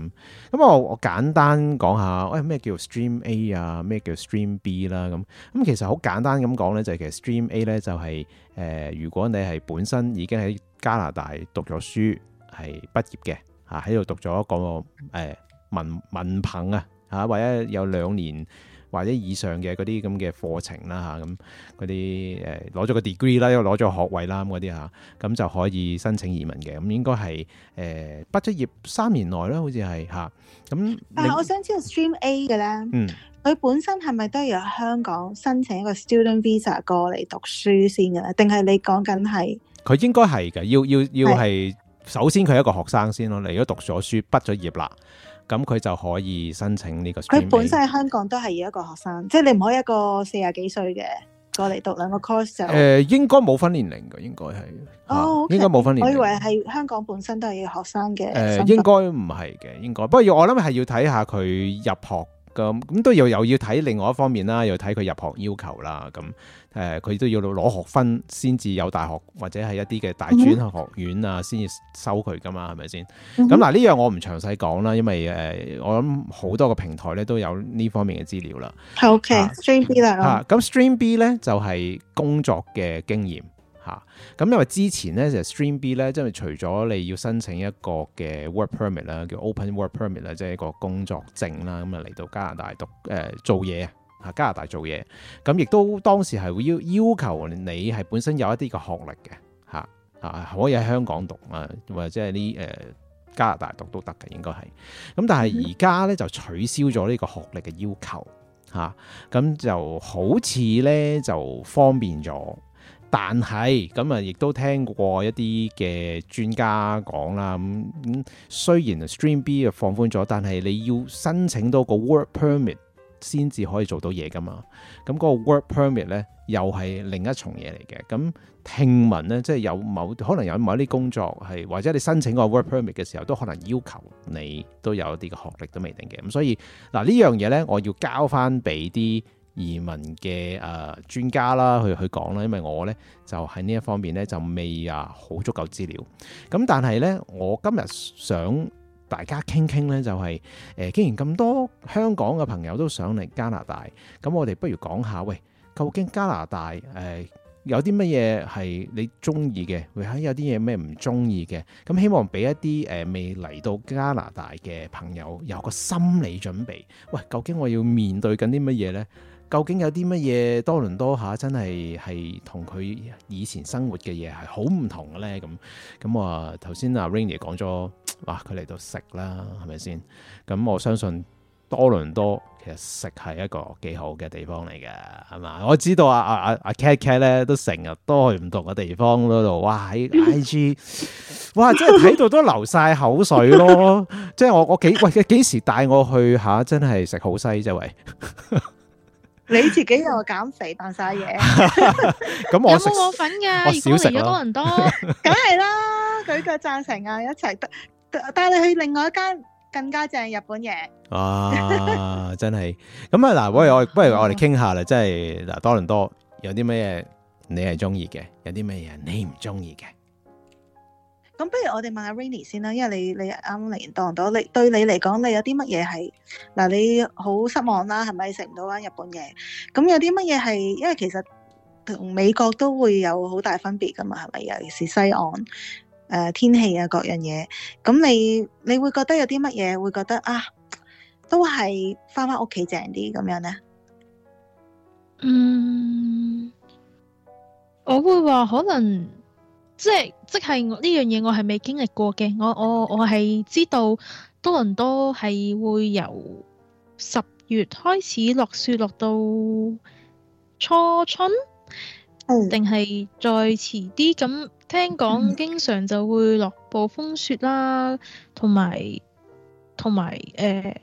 咁我我簡單講下，誒、哎、咩叫 Stream A 啊，咩叫 Stream B 啦、啊，咁咁其實好簡單咁講咧，就係、其實 Stream A 咧就係、是、誒、呃、如果你係本身已經喺加拿大讀咗書，係畢業嘅吓，喺、啊、度讀咗一個誒、呃、文文憑啊。嚇、啊，或者有兩年或者以上嘅嗰啲咁嘅課程啦嚇，咁嗰啲誒攞咗個 degree 啦，攞咗學位啦嗰啲吓，咁、啊、就可以申請移民嘅。咁應該係誒畢咗業三年內啦，好似係嚇咁。但、啊、係、啊、我想知道 Stream A 嘅咧，嗯，佢本身係咪都係由香港申請一個 student visa 過嚟讀書先嘅咧？定係你講緊係佢應該係嘅，要要要係首先佢係一個學生先咯。你如果讀咗書畢咗業啦。咁佢就可以申請呢個 Stream。佢本身喺香港都係要一個學生， 即係你唔可以一個四十幾歲嘅過嚟讀兩個 course 就。誒、呃，應該冇分年齡嘅，應該係。哦，oh, okay. 應該冇分年齡。我以為係香港本身都係要學生嘅。誒、呃，應該唔係嘅，應該。不過我要我諗係要睇下佢入學。咁咁都要又要睇另外一方面啦，又睇佢入學要求啦，咁誒佢都要攞學分先至有大學或者係一啲嘅大專學院啊，先至、嗯、哼收佢噶嘛，係咪先？咁嗱呢樣我唔詳細講啦，因為誒、呃、我諗好多個平台咧都有呢方面嘅資料啦。OK，Stream B 嚟啦。咁 Stream B 咧、啊、St 就係、是、工作嘅經驗。嚇，咁、啊、因為之前咧，就 Stream B 咧，即係除咗你要申請一個嘅 Work Permit 啦，叫 Open Work Permit 啦，即係一個工作證啦，咁啊嚟到加拿大讀誒、呃、做嘢啊，加拿大做嘢，咁、啊、亦都當時係會要要求你係本身有一啲嘅學歷嘅嚇啊，啊，可以喺香港讀啊，或者係呢誒加拿大讀都得嘅，應該係。咁、啊、但係而家咧就取消咗呢個學歷嘅要求嚇，咁、啊、就好似咧就方便咗。但係咁啊，亦、嗯、都聽過一啲嘅專家講啦。咁、嗯、雖然 Stream B 又放寬咗，但係你要申請到個 work permit 先至可以做到嘢噶嘛。咁、嗯、嗰、那個 work permit 咧，又係另一重嘢嚟嘅。咁、嗯、聽聞咧，即係有某可能有某一啲工作係，或者你申請個 work permit 嘅時候，都可能要求你都有一啲嘅學歷都未定嘅。咁、嗯、所以嗱、嗯這個、呢樣嘢咧，我要交翻俾啲。移民嘅誒、呃、專家啦，去去講啦，因為我呢，就喺呢一方面呢，就未啊好足夠資料。咁但係呢，我今日想大家傾傾呢，就係、是、誒、呃，既然咁多香港嘅朋友都想嚟加拿大，咁我哋不如講下喂，究竟加拿大誒有啲乜嘢係你中意嘅？喂、呃，有啲嘢咩唔中意嘅？咁、呃、希望俾一啲誒、呃、未嚟到加拿大嘅朋友有個心理準備。喂，究竟我要面對緊啲乜嘢呢？究竟有啲乜嘢多倫多吓、啊，真係係同佢以前生活嘅嘢係好唔同嘅咧？咁、嗯、咁我、嗯、頭先阿 Rainny 講咗，哇佢嚟到食啦，係咪先？咁、嗯、我相信多倫多其實食係一個幾好嘅地方嚟嘅，係嘛？我知道阿阿阿阿 Kat Kat 咧都成日都去唔同嘅地方嗰度，哇喺 IG，哇真係睇到都流晒口水咯！即係我我幾喂幾時帶我去下、啊？真係食好西啫喂！ 你自己又減肥扮晒嘢，咁 我吃有冇 我份㗎？而家嚟多倫多，梗係啦，舉腳贊成啊！一齊帶你去另外一間更加正日本嘢。 啊，真係咁啊！嗱，不如我不如我哋傾下啦，即係嗱，多倫多有啲咩你係中意嘅，有啲咩嘢你唔中意嘅？咁不如我哋問，問下 Rainy 先啦，因為你你啱嚟完到，你對你嚟講，你有啲乜嘢係嗱你好失望啦，係咪食唔到啊日本嘢？咁有啲乜嘢係？因為其實同美國都會有好大分別㗎嘛，係咪？尤其是西岸誒、呃、天氣啊，各樣嘢。咁你你會覺得有啲乜嘢會覺得啊，都係返返屋企正啲咁樣咧？嗯，我會話可能。即係即係呢樣嘢，我係未經歷過嘅。我我我係知道多倫多係會由十月開始落雪，落到初春，定係的再遲啲。咁聽講經常就會落暴風雪啦，同埋同埋誒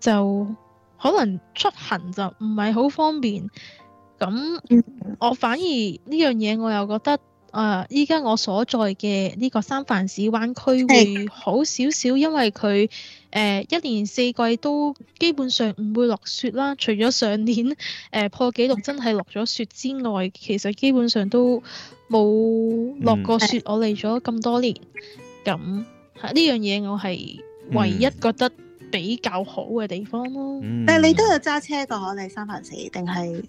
就可能出行就唔係好方便。咁我反而呢樣嘢，我又覺得。啊！依家我所在嘅呢個三藩市灣區會好少少，因為佢誒、呃、一年四季都基本上唔會落雪啦。除咗上年誒、呃、破紀錄真係落咗雪之外，其實基本上都冇落過雪。我嚟咗咁多年，咁係呢樣嘢，我係唯一覺得比較好嘅地方咯。但係你都有揸車噶，我嚟三藩市定係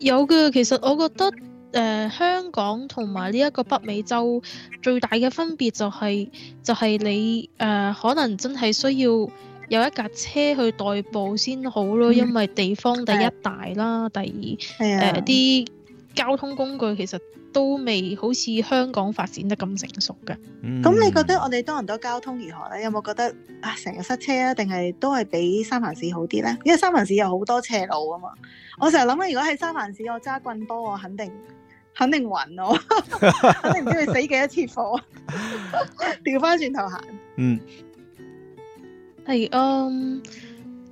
有嘅。其實我覺得。誒、呃、香港同埋呢一個北美洲最大嘅分別就係、是、就係、是、你誒、呃、可能真係需要有一架車去代步先好咯，嗯、因為地方第一大啦，的第二誒啲的、呃、交通工具其實都未好似香港發展得咁成熟嘅。咁、嗯、你覺得我哋多倫多交通如何咧？有冇覺得啊成日塞車啊？定係都係比三藩市好啲咧？因為三藩市有好多斜路啊嘛。我成日諗咧，如果喺三藩市，我揸棍波，我肯定～肯定暈咯， 肯定唔知佢死幾多次火，調翻轉頭行。嗯，係啊，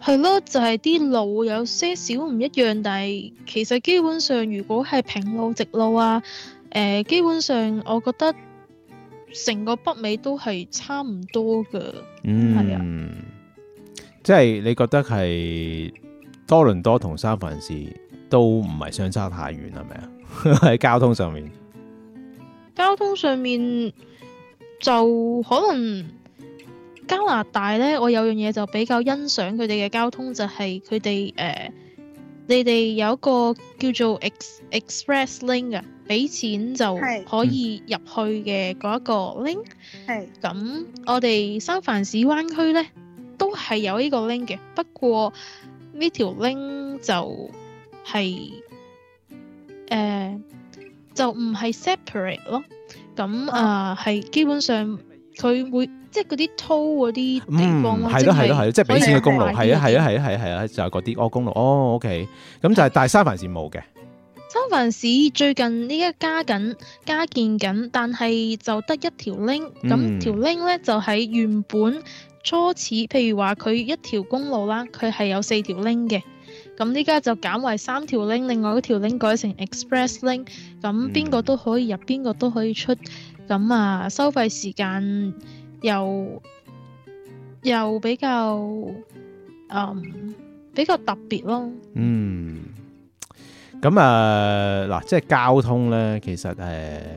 係 咯、哎 um，就係、是、啲路有些少唔一樣，但係其實基本上，如果係平路、直路啊，誒、呃，基本上我覺得成個北美都係差唔多噶。嗯，係啊，即係你覺得係多倫多同三藩市都唔係相差太遠，係咪啊？喺 交通上面，交通上面就可能加拿大咧，我有樣嘢就比較欣賞佢哋嘅交通，就係佢哋誒，你哋有一個叫做 ex, Express Link 嘅，俾錢就可以入去嘅嗰一個 link。係咁是，我哋三藩市灣區咧都係有呢個 link 嘅，不過呢條 link 就係、是。誒、呃、就唔係 separate 咯，咁、嗯、啊係基本上佢會即係嗰啲 toll 嗰啲地方係咯係咯係咯，嗯、即係俾錢嘅公路係啊係啊係啊係啊係啊，就係嗰啲哦公路哦 OK，咁就係、是、大三藩市冇嘅。三藩市最近呢家加緊加建緊，但係就得一條 link，咁條 link 咧就喺、是、原本初始，譬如話佢一條公路啦，佢係有四條 link 嘅。咁呢家就減為三條 link，另外嗰條 link 改成 express link，咁邊個都可以入，邊個都可以出，咁啊，收費時間又又比較誒比較特別咯。嗯，咁啊嗱，即係交通咧，其實誒，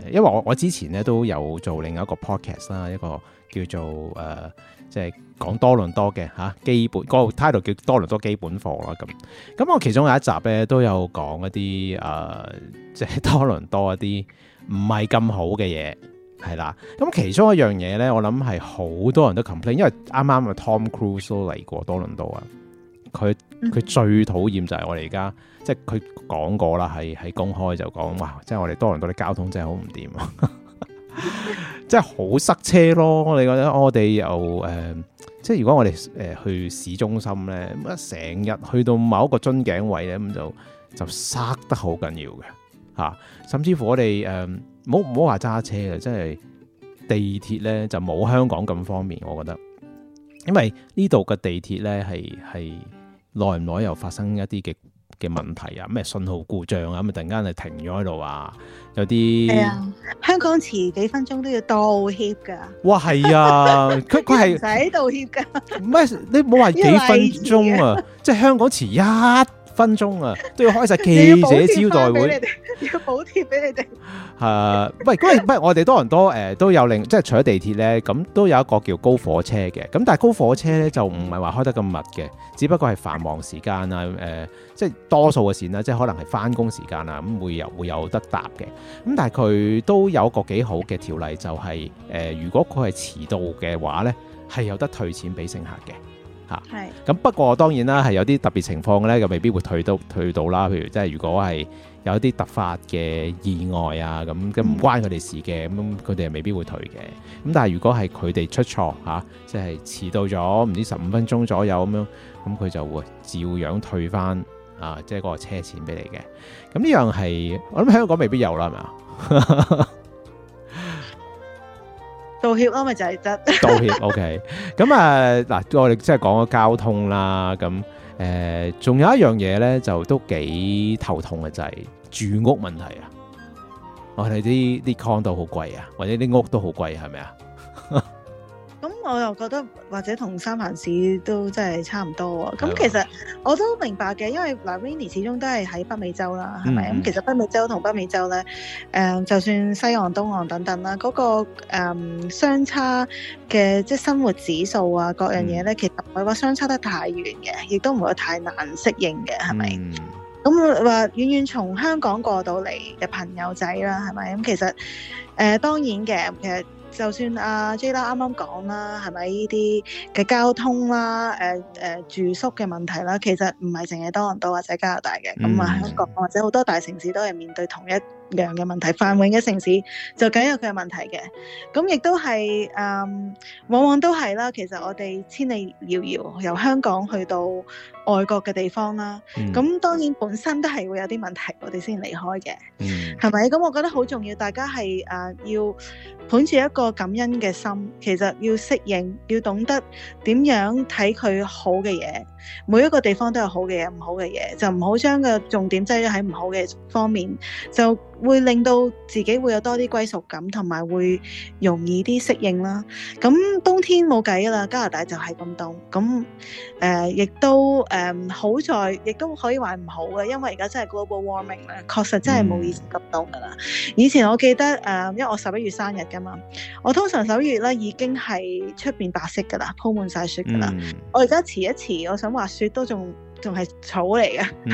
因為我我之前咧都有做另一個 podcast 啦，一個叫做誒即係。講多倫多嘅嚇基本嗰個 title 叫多倫多基本課啦，咁，咁我其中有一集咧都有講一啲誒，即係多倫多一啲唔係咁好嘅嘢係啦。咁其中一樣嘢咧，我諗係好多人都 complain，因為啱啱啊 Tom Cruise 都嚟過多倫多啊，佢，佢最討厭就係我哋而家即係佢講過啦，係係，公開就講哇，即係我哋多倫多啲交通真係好唔掂 即係好塞車咯！我哋覺得我哋又誒、呃，即係如果我哋誒、呃、去市中心咧，咁啊成日去到某一個樽頸位咧，咁就就塞得好緊要嘅吓。甚至乎我哋誒，唔好唔好話揸車啊，即係地鐵咧就冇香港咁方便。我覺得因為呢度嘅地鐵咧係係耐唔耐又發生一啲嘅。嘅問題啊，咩信號故障啊，咁啊突然間係停咗喺度啊，有啲係啊，香港遲幾分鐘都要道歉㗎。 哇，係啊，佢佢係唔使道歉㗎。唔 係你冇話幾分鐘啊， 即係香港遲一。分鐘啊，都要開晒記者招待會，要補貼俾你哋。要補貼俾你哋，我哋多倫多誒、呃、都有另，即係除咗地鐵咧，咁都有一個叫高火車嘅。咁但係高火車咧就唔係話開得咁密嘅，只不過係繁忙時間啊，誒、呃，即係多數嘅線啦，即係可能係翻工時間啊，咁會，會有會有得搭嘅。咁但係佢都有一個幾好嘅條例，就係、是、誒、呃，如果佢係遲到嘅話咧，係有得退錢俾乘客嘅。吓，咁、啊、不過當然啦，係有啲特別情況咧，就未必會退到退到啦。譬如即係如果係有一啲突發嘅意外啊，咁咁唔關佢哋事嘅，咁佢哋係未必會退嘅。咁但係如果係佢哋出錯吓、啊，即係遲到咗唔知十五分鐘左右咁樣，咁佢就會照樣退翻啊，即係嗰個車錢俾你嘅。咁呢樣係我諗香港未必有啦，係咪啊？ 道歉吖嘛，咪就係得。道歉，OK。咁啊，嗱，我哋即係講個交通啦。咁誒，仲有一樣嘢咧，就都幾頭痛嘅，就係住屋問題啊。我哋啲啲 condo 好貴啊，或者啲屋都好貴，係咪啊？我又覺得或者同三藩市都真係差唔多喎。咁其實我都明白嘅，因為嗱 Rainny 始終都係喺北美洲啦，係咪？咁、嗯、其實北美洲同北美洲咧，誒、呃，就算西岸、東岸等等啦，嗰、那個、呃、相差嘅即係生活指數啊，各樣嘢咧，嗯、其實唔會話相差得太遠嘅，亦都唔會太難適應嘅，係咪？咁話、嗯、遠遠從香港過到嚟嘅朋友仔啦，係咪？咁其實誒，當然嘅，其實。呃就算阿 J 啦，啱啱講啦，係咪呢啲嘅交通啦、誒、呃、誒、呃、住宿嘅問題啦，其實唔係淨係多倫多或者加拿大嘅，咁啊香港或者好多大城市都係面對同一。糧嘅問題，繁榮嘅城市就梗有佢嘅問題嘅。咁亦都係誒、嗯，往往都係啦。其實我哋千里遙遙，由香港去到外國嘅地方啦。咁、嗯、當然本身都係會有啲問題，我哋先離開嘅。係咪、嗯？咁我覺得好重要，大家係誒、呃、要捧住一個感恩嘅心。其實要適應，要懂得點樣睇佢好嘅嘢。每一個地方都有好嘅嘢、唔好嘅嘢，就唔好將個重點擠喺唔好嘅方面，就會令到自己會有多啲歸屬感，同埋會容易啲適應啦。咁冬天冇計啦，加拿大就係咁凍，咁誒亦都誒、呃、好在，亦都可以話唔好嘅，因為而家真係 global warming 咧，確實真係冇以前咁凍噶啦。嗯、以前我記得誒、呃，因為我十一月生日噶嘛，我通常十一月咧已經係出邊白色噶啦，鋪滿晒雪噶啦。嗯、我而家遲一遲，我咁滑雪都仲仲係草嚟嘅。嗯，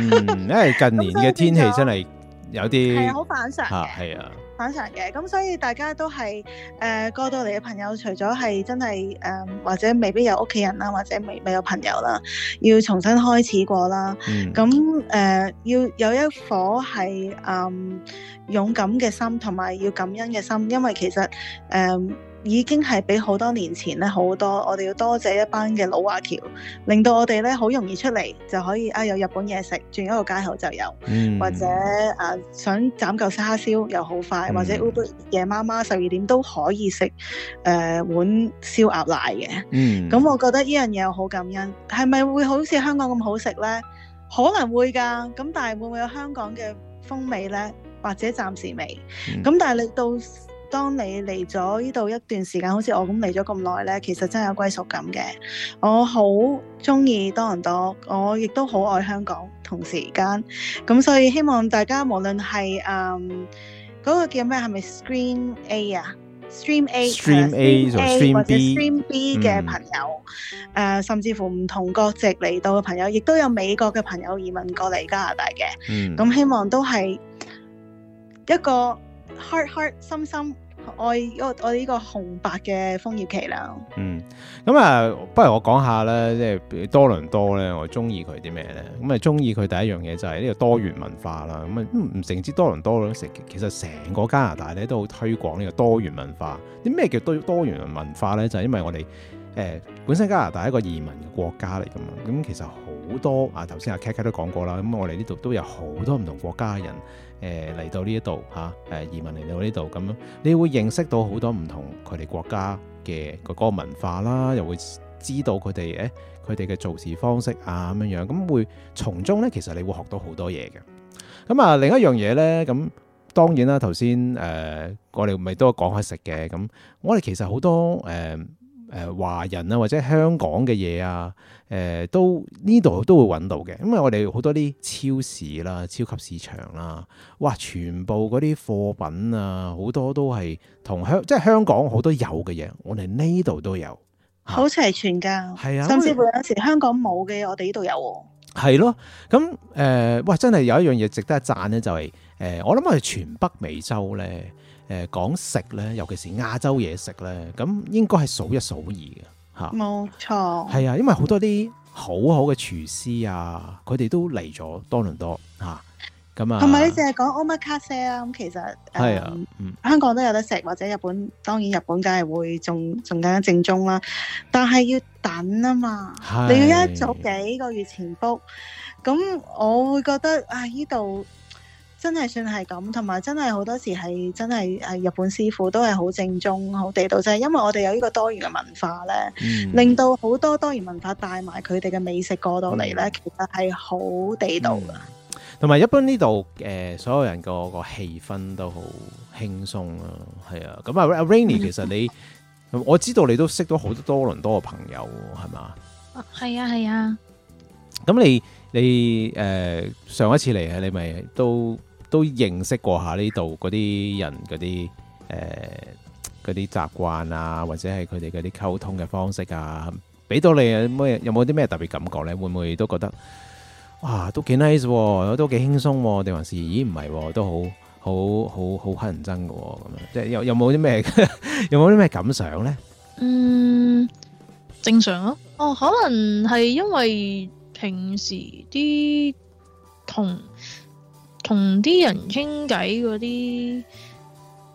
因為近年嘅天氣真係有啲係啊，好反常，係啊，反常嘅，咁所以大家都係誒過到嚟嘅朋友，除咗係真係誒或者未必有屋企人啦，或者未未有朋友啦，要重新開始過啦，咁誒要有一顆係誒勇敢嘅心，同埋要感恩嘅心，因為其實誒。已經係比好多年前咧好多，我哋要多謝一班嘅老華僑，令到我哋咧好容易出嚟就可以啊有日本嘢食，轉一個街口就有，嗯、或者啊、呃、想斬嚿沙燒又好快，嗯、或者 Uber 夜媽媽十二點都可以食誒碗燒鴨奶嘅。咁、嗯嗯、我覺得呢樣嘢我好感恩，係咪會好似香港咁好食呢？可能會㗎，咁但係會唔會有香港嘅風味呢？或者暫時未，咁、嗯、但係你到。當你嚟咗呢度一段時間，好似我咁嚟咗咁耐呢，其實真係有歸屬感嘅。我好中意多倫多，我亦都好愛香港。同時間咁，所以希望大家無論係誒嗰個叫咩係咪 Stream A 啊，Stream A、或者 Stream B 嘅朋友，誒、嗯啊、甚至乎唔同國籍嚟到嘅朋友，亦都有美國嘅朋友移民過嚟加拿大嘅。咁、嗯、希望都係一個 heart heart 心心。我我我哋呢個紅白嘅楓葉旗啦。嗯，咁啊，不如我講下咧，即係多倫多咧，我中意佢啲咩咧？咁啊，中意佢第一樣嘢就係呢個多元文化啦。咁唔唔成知多倫多其實成個加拿大咧都好推廣呢個多元文化。啲咩叫多多，多元文化咧？就係、是、因為我哋誒本身加拿大係一個移民嘅國家嚟噶嘛。咁其實好多啊，頭先阿 Kat Kat 都講過啦。咁我哋呢度都有好多唔同國家嘅人。誒嚟到呢一度嚇，誒移民嚟到呢度咁，你會認識到好多唔同佢哋國家嘅個文化啦，又會知道佢哋誒佢哋嘅做事方式啊咁樣樣，咁會從中咧，其實你會學到好多嘢嘅。咁啊，另一樣嘢咧，咁當然啦，頭先誒我哋咪都講開食嘅，咁我哋其實好多誒。呃誒、呃、華人啊，或者香港嘅嘢啊，誒、呃、都呢度都會揾到嘅，因為我哋好多啲超市啦、超級市場啦，哇，全部嗰啲貨品啊，好多都係同香，即係香港好多有嘅嘢，我哋呢度都有，啊、好齊全㗎，係啊，甚至乎有時香港冇嘅，我哋呢度有喎、啊，係咯，咁誒、呃，哇，真係有一樣嘢值得一讚咧，就係、是、誒、呃，我諗我哋全北美洲咧。誒講食咧，尤其是亞洲嘢食咧，咁應該係數一數二嘅嚇。冇錯，係啊，因為多好多啲好好嘅廚師啊，佢哋都嚟咗多倫多嚇。咁啊，同埋、啊、你淨係講 Omakase 啦，咁其實係啊，嗯、香港都有得食，或者日本當然日本梗係會仲仲更加正宗啦。但係要等啊嘛，是你要一早幾個月前 book，咁我會覺得啊依度。真係算係咁，同埋真係好多時係真係誒日本師傅都係好正宗、好地道啫。因為我哋有呢個多元嘅文化咧，令到好多多元文化帶埋佢哋嘅美食過到嚟咧，其實係好地道嘅。同埋一般呢度誒，所有人個個氣氛都好輕鬆咯，係啊。咁啊，Rainny 其實你我知道你都識到好多多倫多嘅朋友係嘛？係啊，係啊。咁你你誒上一次嚟啊，你咪都？都認識過下呢度嗰啲人嗰啲誒啲習慣啊，或者係佢哋嗰啲溝通嘅方式啊，俾到你有冇啲咩特別感覺咧？會唔會都覺得哇都幾 nice 喎，都幾輕鬆喎？定還是咦唔係喎，都好好好好乞人憎嘅喎？咁樣即係有有冇啲咩有冇啲咩感想咧？嗯，正常咯，啊。哦，可能係因為平時啲同。同啲人傾偈嗰啲，誒、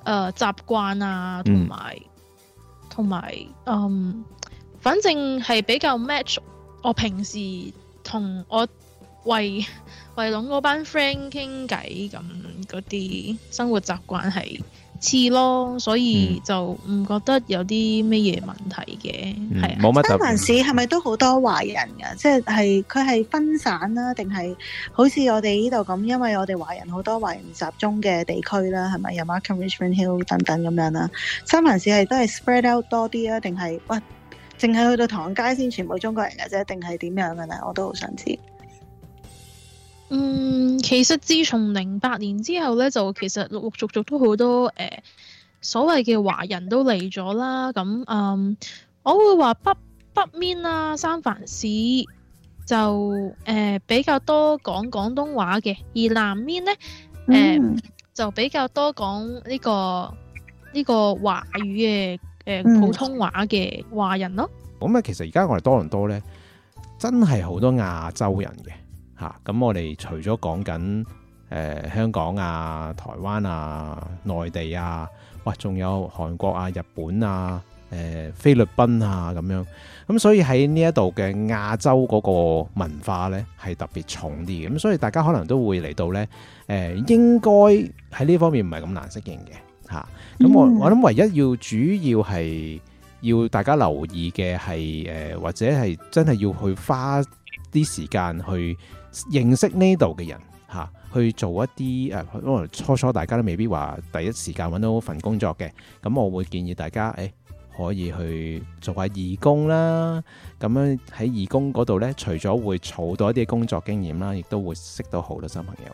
呃、習慣啊，同埋同埋，嗯，反正係比較 match 我平時同我為為攏嗰班 friend 傾偈咁嗰啲生活習慣係。似咯，所以就唔覺得有啲咩嘢問題嘅，係、嗯、啊。三藩市係咪都好多華人噶？即係係佢係分散啦、啊，定係好似我哋呢度咁，因為我哋華人好多華人集中嘅地區啦、啊，係咪有 Markham、Richmond Hill 等等咁樣啦？三藩市係都係 spread out 多啲啊，定係喂，淨係去到唐街先全部中國人嘅啫，定係點樣噶咧？我都好想知。嗯，其實自從零八年之後呢，就其實陸陸續續都好多誒、呃、所謂嘅華人都嚟咗啦。咁嗯，我會話北北面啦，三藩市就誒、呃、比較多講廣東話嘅，而南面呢，誒、呃嗯、就比較多講呢、呢個呢、呢個華語嘅誒、呃、普通話嘅華人咯。咁啊、嗯嗯嗯，其實而家我哋多倫多呢，真係好多亞洲人嘅。嚇！咁、啊、我哋除咗講緊誒香港啊、台灣啊、內地啊，哇，仲有韓國啊、日本啊、誒、呃、菲律賓啊咁樣，咁、嗯、所以喺呢一度嘅亞洲嗰個文化呢，係特別重啲嘅，咁、嗯、所以大家可能都會嚟到呢，誒、呃、應該喺呢方面唔係咁難適應嘅嚇。咁、啊、我我諗唯一要主要係要大家留意嘅係誒，或者係真係要去花啲時間去。認識呢度嘅人嚇、啊，去做一啲誒，因、啊、為初初大家都未必話第一時間揾到份工作嘅，咁我會建議大家誒、哎、可以去做下義工啦，咁樣喺義工嗰度呢，除咗會儲到一啲工作經驗啦，亦都會識到好多新朋友。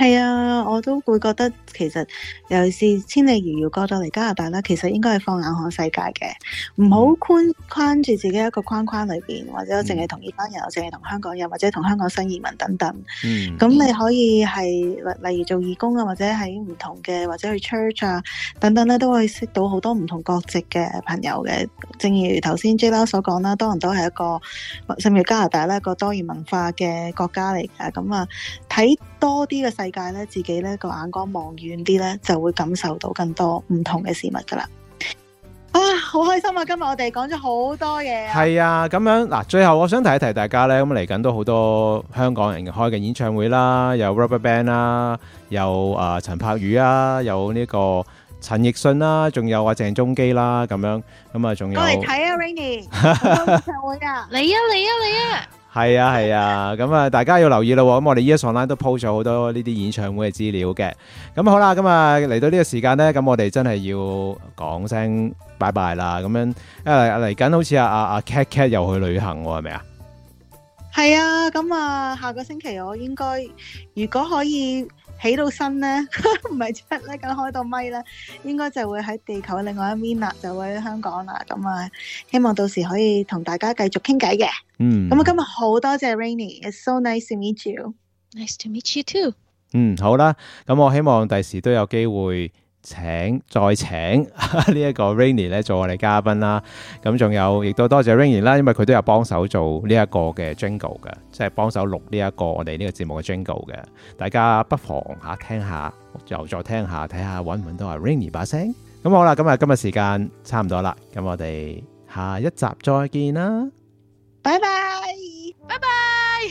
係啊，我都會覺得其實尤其是千里遙遙過到嚟加拿大啦，其實應該係放眼看世界嘅，唔好框框住自己一個框框裏邊，或者淨係同呢班人，嗯、或者淨係同香港人，或者同香港新移民等等。嗯，咁、嗯、你可以係例如做義工啊，或者喺唔同嘅或者去 church 啊等等咧，都可以識到好多唔同國籍嘅朋友嘅。正如頭先 JLau 所講啦，多倫多係一個甚至加拿大咧個多元文化嘅國家嚟嘅，咁啊睇多啲嘅世界咧，自己咧個眼光望遠啲咧，就會感受到更多唔同嘅事物噶啦。啊，好開心啊！今日我哋講咗好多嘢。係啊，咁、啊、樣嗱，最後我想提一提大家咧，咁嚟緊都好多香港人開嘅演唱會啦，有 Rubber Band 啦，有啊陳柏宇啊，有呢個陳奕迅啦，仲有啊鄭中基啦，咁樣咁啊，仲有嚟睇啊 Rainny 演唱會啊！嚟啊嚟啊嚟啊！ 係啊係啊，咁啊大家要留意咯，咁我哋 Ears Online 都 post 咗好多呢啲演唱會嘅資料嘅，咁、嗯、好啦，咁啊嚟到呢個時間咧，咁、嗯、我哋真係要講聲拜拜啦，咁、嗯、樣啊嚟緊好似啊啊 Kat Kat 又去旅行係咪啊？係啊，咁啊下個星期我應該如果可以。起到身咧，唔 係出咧，咁開到咪咧，應該就會喺地球另外一面啦，就會喺香港啦。咁啊，希望到時可以同大家繼續傾偈嘅。嗯。咁啊，今日好多謝 Rainny，It's so nice to meet you。Nice to meet you too。嗯，好啦，咁我希望第時都有機會。請再請、這個、呢一個 Rainny 嚟做我哋嘉賓啦，咁仲有亦都多謝 Rainny 啦，因為佢都有幫手做呢一個嘅 Jingle 嘅，即係幫手錄呢、這、一個我哋呢個節目嘅 Jingle 嘅，大家不妨下、啊、聽下，又再聽下，睇下揾唔揾到係 Rainny 把聲。咁好啦，咁啊今日時間差唔多啦，咁我哋下一集再見啦，拜拜，拜拜。拜拜